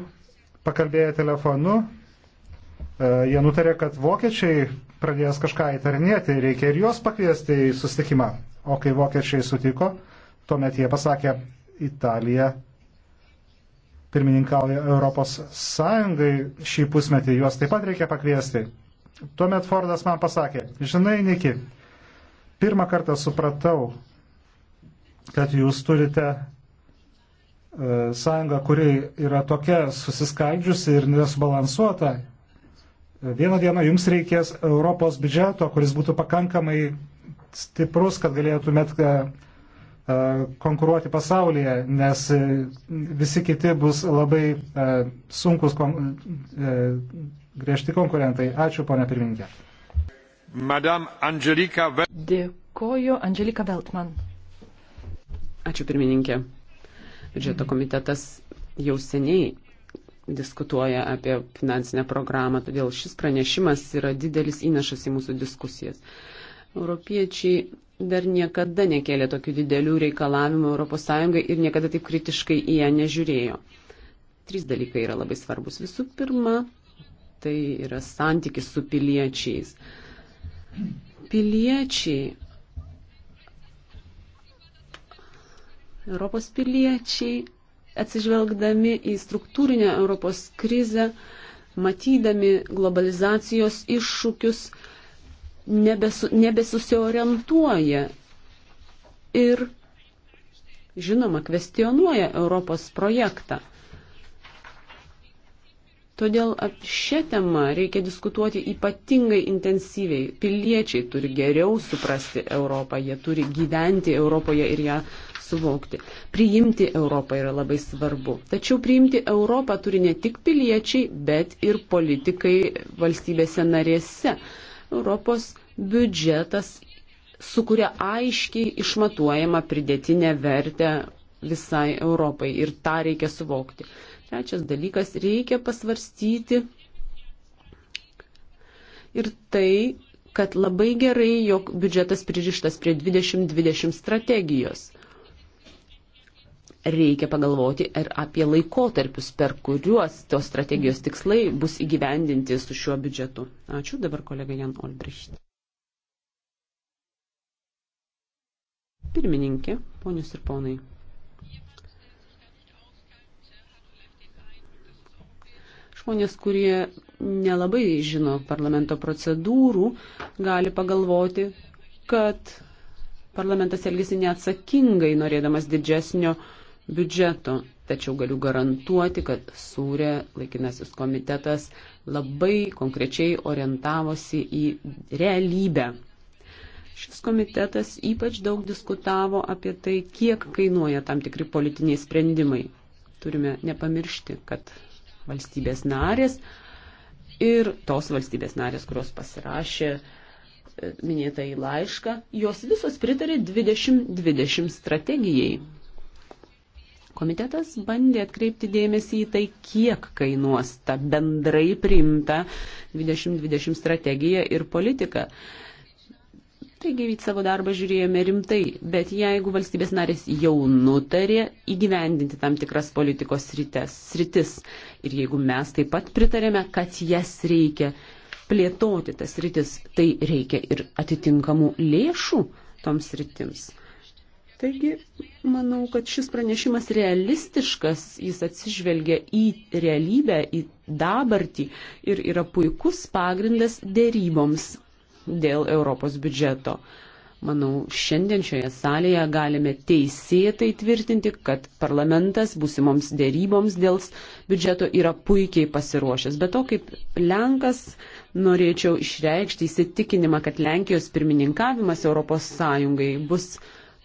[SPEAKER 2] pakalbėję telefonu, e, jie nutarė, kad vokiečiai pradės kažką įtarinėti, reikia ir juos pakviesti į sustikimą. O kai vokiečiai sutiko, tuomet jie pasakė, Italija pirmininkauja Europos Sąjungai šį pusmetį, juos taip pat reikia pakviesti. Tuomet Fordas man pasakė, žinai, Niki, pirmą kartą supratau, kad jūs turite e, sąjungą, kuri yra tokia susiskaldžiusi ir nesubalansuota. Vieną dieną jums reikės Europos biudžeto, kuris būtų pakankamai stiprus, kad galėtumėt e, E, konkuruoti pasaulyje, nes e, visi kiti bus labai e, sunkus kon... griežti konkurentai. Ačiū, ponia pirmininkė. Angelika...
[SPEAKER 1] Dėkoju, Angelika Veltman.
[SPEAKER 2] Ačiū, pirmininkė.
[SPEAKER 3] Biudžeto komitetas jau seniai diskutuoja apie finansinę programą, todėl šis pranešimas yra didelis įnašas į mūsų diskusijas. Europiečiai dar niekada nekėlė tokių didelių reikalavimų ES ir niekada taip kritiškai į ją nežiūrėjo. Trys dalykai yra labai svarbus. Visų pirma, tai yra santykis su piliečiais. Piliečiai, Europos piliečiai, atsižvelgdami į struktūrinę Europos krizę, matydami globalizacijos iššūkius, nebesu, nebesusiorientuoja ir, žinoma, kvestionuoja Europos projektą. Todėl šią temą reikia diskutuoti ypatingai intensyviai. Piliečiai turi geriau suprasti Europą, jie turi gyventi Europoje ir ją suvokti. Priimti Europą yra labai svarbu. Tačiau priimti Europą turi ne tik piliečiai, bet ir politikai valstybėse narėse. Europos biudžetas sukuria aiškiai išmatuojamą pridėtinę vertę visai Europai ir tą reikia suvokti. Trečias dalykas - reikia pasvarstyti ir tai, kad labai gerai, jog biudžetas pririštas prie 2020 strategijos. Reikia pagalvoti ir apie laikotarpius, per kuriuos tos strategijos tikslai bus įgyvendinti su šiuo biudžetu. Ačiū dabar kolega Jan Olbricht. Pirmininkė, ponius ir ponai. Žmonės, kurie nelabai žino parlamento procedūrų, gali pagalvoti, kad parlamentas elgesi neatsakingai, norėdamas didesnio biudžeto. Tačiau galiu garantuoti, kad sūrė laikinasis komitetas labai konkrečiai orientavosi į realybę. Šis komitetas ypač daug diskutavo apie tai, kiek kainuoja tam tikri politiniai sprendimai. Turime nepamiršti, kad valstybės narės ir tos valstybės narės, kurios pasirašė e, minėtą į laišką, jos visos pritarė 2020 strategijai. Komitetas bandė atkreipti dėmesį į tai, kiek kainuos ta bendrai priimta 2020 strategija ir politika. Taigi į savo darbą žiūrėjome rimtai, bet jeigu valstybės narės jau nutarė įgyvendinti tam tikras politikos srites, sritis ir jeigu mes taip pat pritarėme, kad jas reikia plėtoti tas sritis, tai reikia ir atitinkamų lėšų toms sritims. Taigi, manau, kad šis pranešimas realistiškas, jis atsižvelgia į realybę, į dabartį ir yra puikus pagrindas dėryboms dėl Europos biudžeto. Manau, šiandien šioje salėje galime teisėtai tvirtinti, kad parlamentas būsimoms dėryboms dėl biudžeto yra puikiai pasiruošęs. Bet to, kaip Lenkas, norėčiau išreikšti įsitikinimą, kad Lenkijos pirmininkavimas ES bus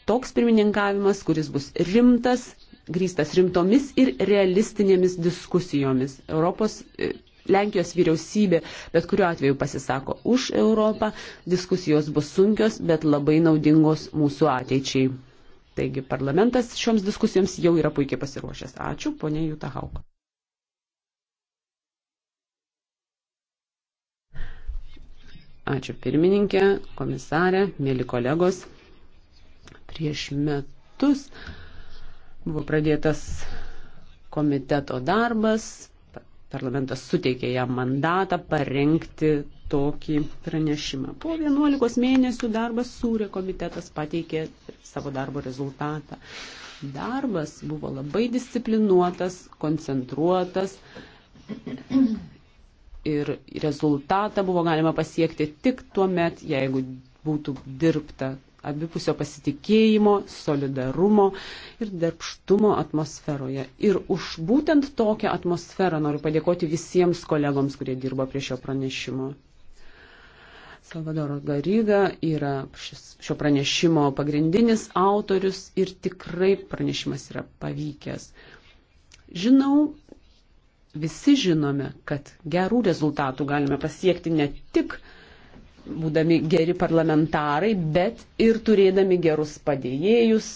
[SPEAKER 3] toks pirmininkavimas, kuris bus rimtas, grįstas rimtomis ir realistinėmis diskusijomis. Europos e, Lenkijos vyriausybė, bet kuriuo atveju pasisako už Europą. Diskusijos bus sunkios, bet labai naudingos mūsų ateičiai. Taigi parlamentas šioms diskusijoms jau yra puikiai pasiruošęs. Ačiū, ponė Jūta Hauka. Ačiū pirmininkė, komisarė, mėly kolegos. Prieš metus buvo pradėtas komiteto darbas, parlamentas suteikė jam mandatą parengti tokį pranešimą. Po 11 mėnesių darbas sūrė komitetas pateikė savo darbo rezultatą. Darbas buvo labai disciplinuotas, koncentruotas ir rezultatą buvo galima pasiekti tik tuo met, jeigu būtų dirbta abipusio pasitikėjimo, solidarumo ir darbštumo atmosferoje. Ir už būtent tokią atmosferą noriu padėkoti visiems kolegoms, kurie dirbo prie šio pranešimo. Salvadoro Garyga yra šis, šio pranešimo pagrindinis autorius ir tikrai pranešimas yra pavykęs. Žinau, visi žinome, kad gerų rezultatų galime pasiekti ne tik būdami geri parlamentarai, bet ir turėdami gerus padėjėjus.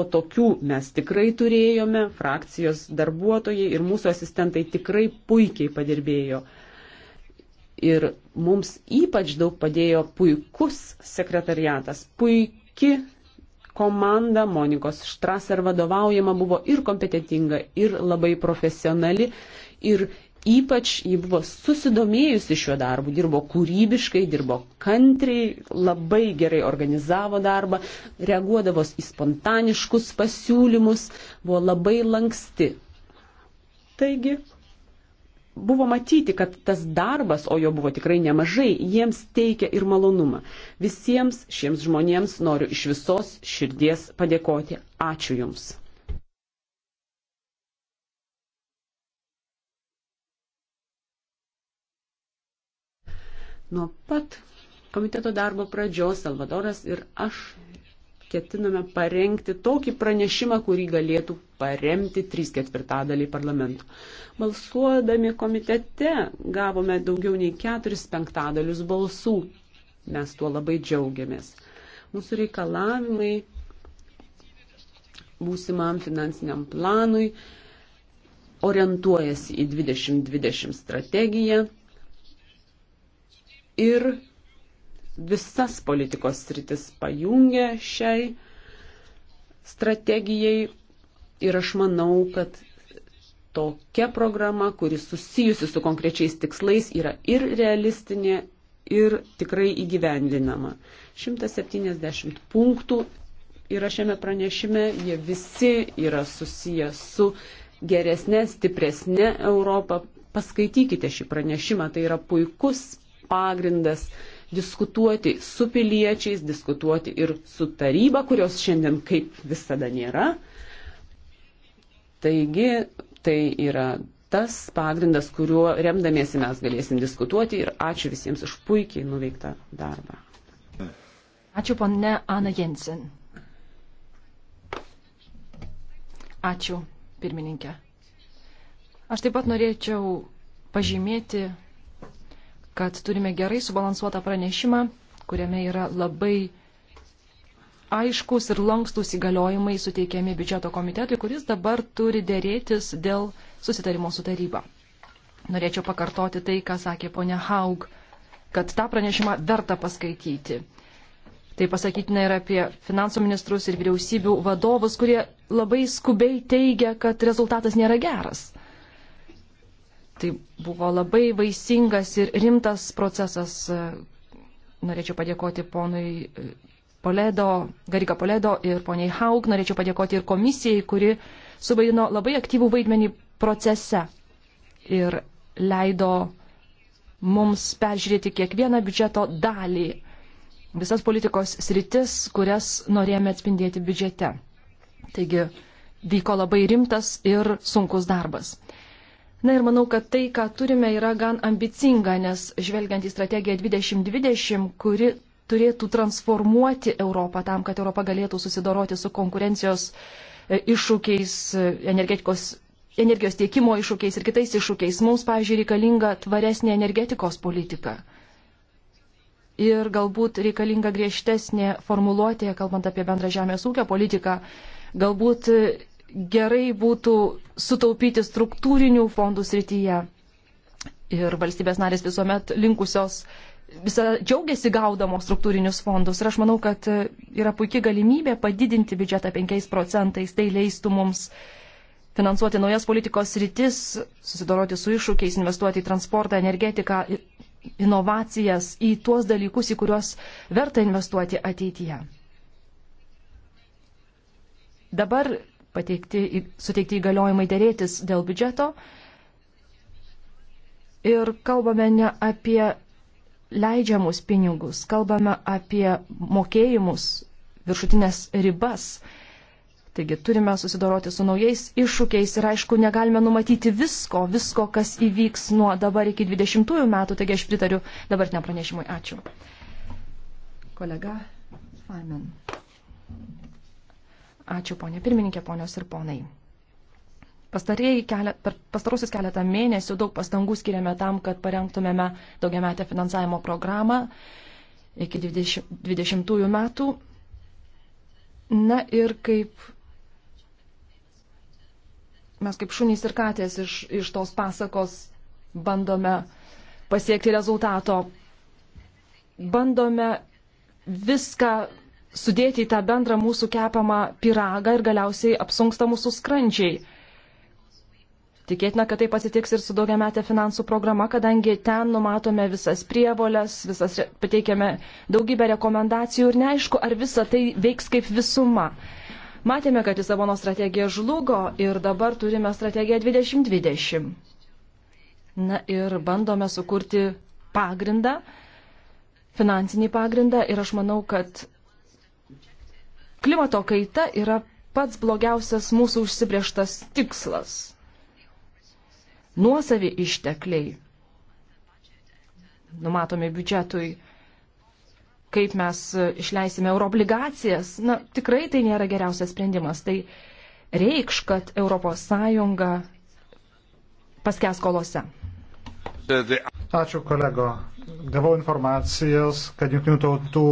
[SPEAKER 3] O tokių mes tikrai turėjome, frakcijos darbuotojai ir mūsų asistentai tikrai puikiai padirbėjo. Ir mums ypač daug padėjo puikus sekretariatas, puiki komanda, Monikos Štraser vadovaujama buvo ir kompetitinga, ir labai profesionali, ir ypač ji buvo susidomėjusi šiuo darbu, dirbo kūrybiškai, dirbo kantriai, labai gerai organizavo darbą, reaguodavo į spontaniškus pasiūlymus, buvo labai lanksti. Taigi, buvo matyti, kad tas darbas, o jo buvo tikrai nemažai, jiems teikia ir malonumą. Visiems šiems žmonėms noriu iš visos širdies padėkoti. Ačiū Jums. Nuo pat komiteto darbo pradžios Salvadoras ir aš ketiname parengti tokį pranešimą, kurį galėtų paremti 3 ketvirtadaliai parlamento. Balsuodami komitete gavome daugiau nei 4 penktadalius balsų. Mes tuo labai džiaugiamės. Mūsų reikalavimai būsimam finansiniam planui orientuojasi į 2020 strategiją ir visas politikos sritis pajungia šiai strategijai. Ir aš manau, kad tokia programa, kuri susijusi su konkrečiais tikslais, yra ir realistinė, ir tikrai įgyvendinama. 170 punktų yra šiame pranešime, jie visi yra susiję su geresnė, stipresnė Europa. Paskaitykite šį pranešimą, tai yra puikus pagrindas diskutuoti su piliečiais, diskutuoti ir su taryba, kurios šiandien kaip visada nėra. Taigi tai yra tas pagrindas, kuriuo remdamiesi mes galėsim diskutuoti ir ačiū visiems už puikiai nuveiktą darbą.
[SPEAKER 1] Ačiū ponne Ana Jensen. Ačiū, pirmininkė. Aš taip pat norėčiau pažymėti kad turime gerai subalansuotą pranešimą, kuriame yra labai aiškus ir lankstus įgaliojimai suteikiami biudžeto komitetui, kuris dabar turi dėrėtis dėl susitarimo su taryba. Norėčiau pakartoti tai, ką sakė ponia Haug, kad tą pranešimą verta paskaityti. Tai pasakytina ir apie finansų ministrus ir vyriausybių vadovus, kurie labai skubiai teigia, kad rezultatas nėra geras. Tai buvo labai vaisingas ir rimtas procesas. Norėčiau padėkoti ponui Poledo, Gariga Poledo ir poniai Haug. Norėčiau padėkoti ir komisijai, kuri suvaidino labai aktyvų vaidmenį procese ir leido mums peržiūrėti kiekvieną biudžeto dalį, visas politikos sritis, kurias norėjome atspindėti biudžete. Taigi vyko labai rimtas ir sunkus darbas. Na ir manau, kad tai, ką turime, yra gan ambicinga, nes žvelgiant į strategiją 2020, kuri turėtų transformuoti Europą tam, kad Europa galėtų susidoroti su konkurencijos e, iššūkiais, e, energijos tiekimo iššūkiais ir kitais iššūkiais, mums, pavyzdžiui, reikalinga tvaresnė energetikos politika. Ir galbūt reikalinga griežtesnė formuluotė, kalbant apie bendrą žemės ūkio politiką, galbūt e, gerai būtų sutaupyti struktūrinių fondų srityje. Ir valstybės narės visuomet linkusios visą džiaugiasi gaudamos struktūrinius fondus. Ir aš manau, kad yra puikia galimybė padidinti biudžetą 5 procentais. Tai leistų mums finansuoti naujas politikos rytis, susidoroti su iššūkiais, investuoti į transportą, energetiką, inovacijas, į tuos dalykus, į kuriuos verta investuoti ateityje. Dabar pateikti, suteikti įgaliojimai dėrėtis dėl biudžeto. Ir kalbame ne apie leidžiamus pinigus, kalbame apie mokėjimus, viršutinės ribas. Taigi turime susidoroti su naujais iššūkiais ir aišku, negalime numatyti visko, visko, kas įvyks nuo dabar iki 20 metų, taigi aš pritariu dabartiniam pranešimui. Ačiū. Kolega Feynman. Ačiū, ponė pirmininkė, ponios ir ponai. Kelia, per pastarosius keletą mėnesių daug pastangų skiriame tam, kad parengtumėme daugiametę finansavimo programą iki 20, 20 metų. Na ir kaip mes kaip šunys ir katės iš, iš tos pasakos bandome pasiekti rezultato. Bandome viską sudėti į tą bendrą mūsų kepamą piragą ir galiausiai apsunksta mūsų skrandžiai. Tikėtina, kad taip atsitiks ir su daugiametė finansų programa, kadangi ten numatome visas prievolės, visas pateikėme daugybę rekomendacijų ir neaišku, ar visa tai veiks kaip visuma. Matėme, kad Lisabono strategija žlugo ir dabar turime strategiją 2020. Na ir bandome sukurti pagrindą, finansinį pagrindą ir aš manau, kad Klimato kaita yra pats blogiausias mūsų užsibrieštas tikslas. Nuosavi ištekliai numatomi biudžetui, kaip mes išleisime euroobligacijas, na, tikrai tai nėra geriausias sprendimas. Tai reikš, kad ES paskes kolose.
[SPEAKER 2] Ačiū, kolego. Gavau informacijos, kad jungtinių tautų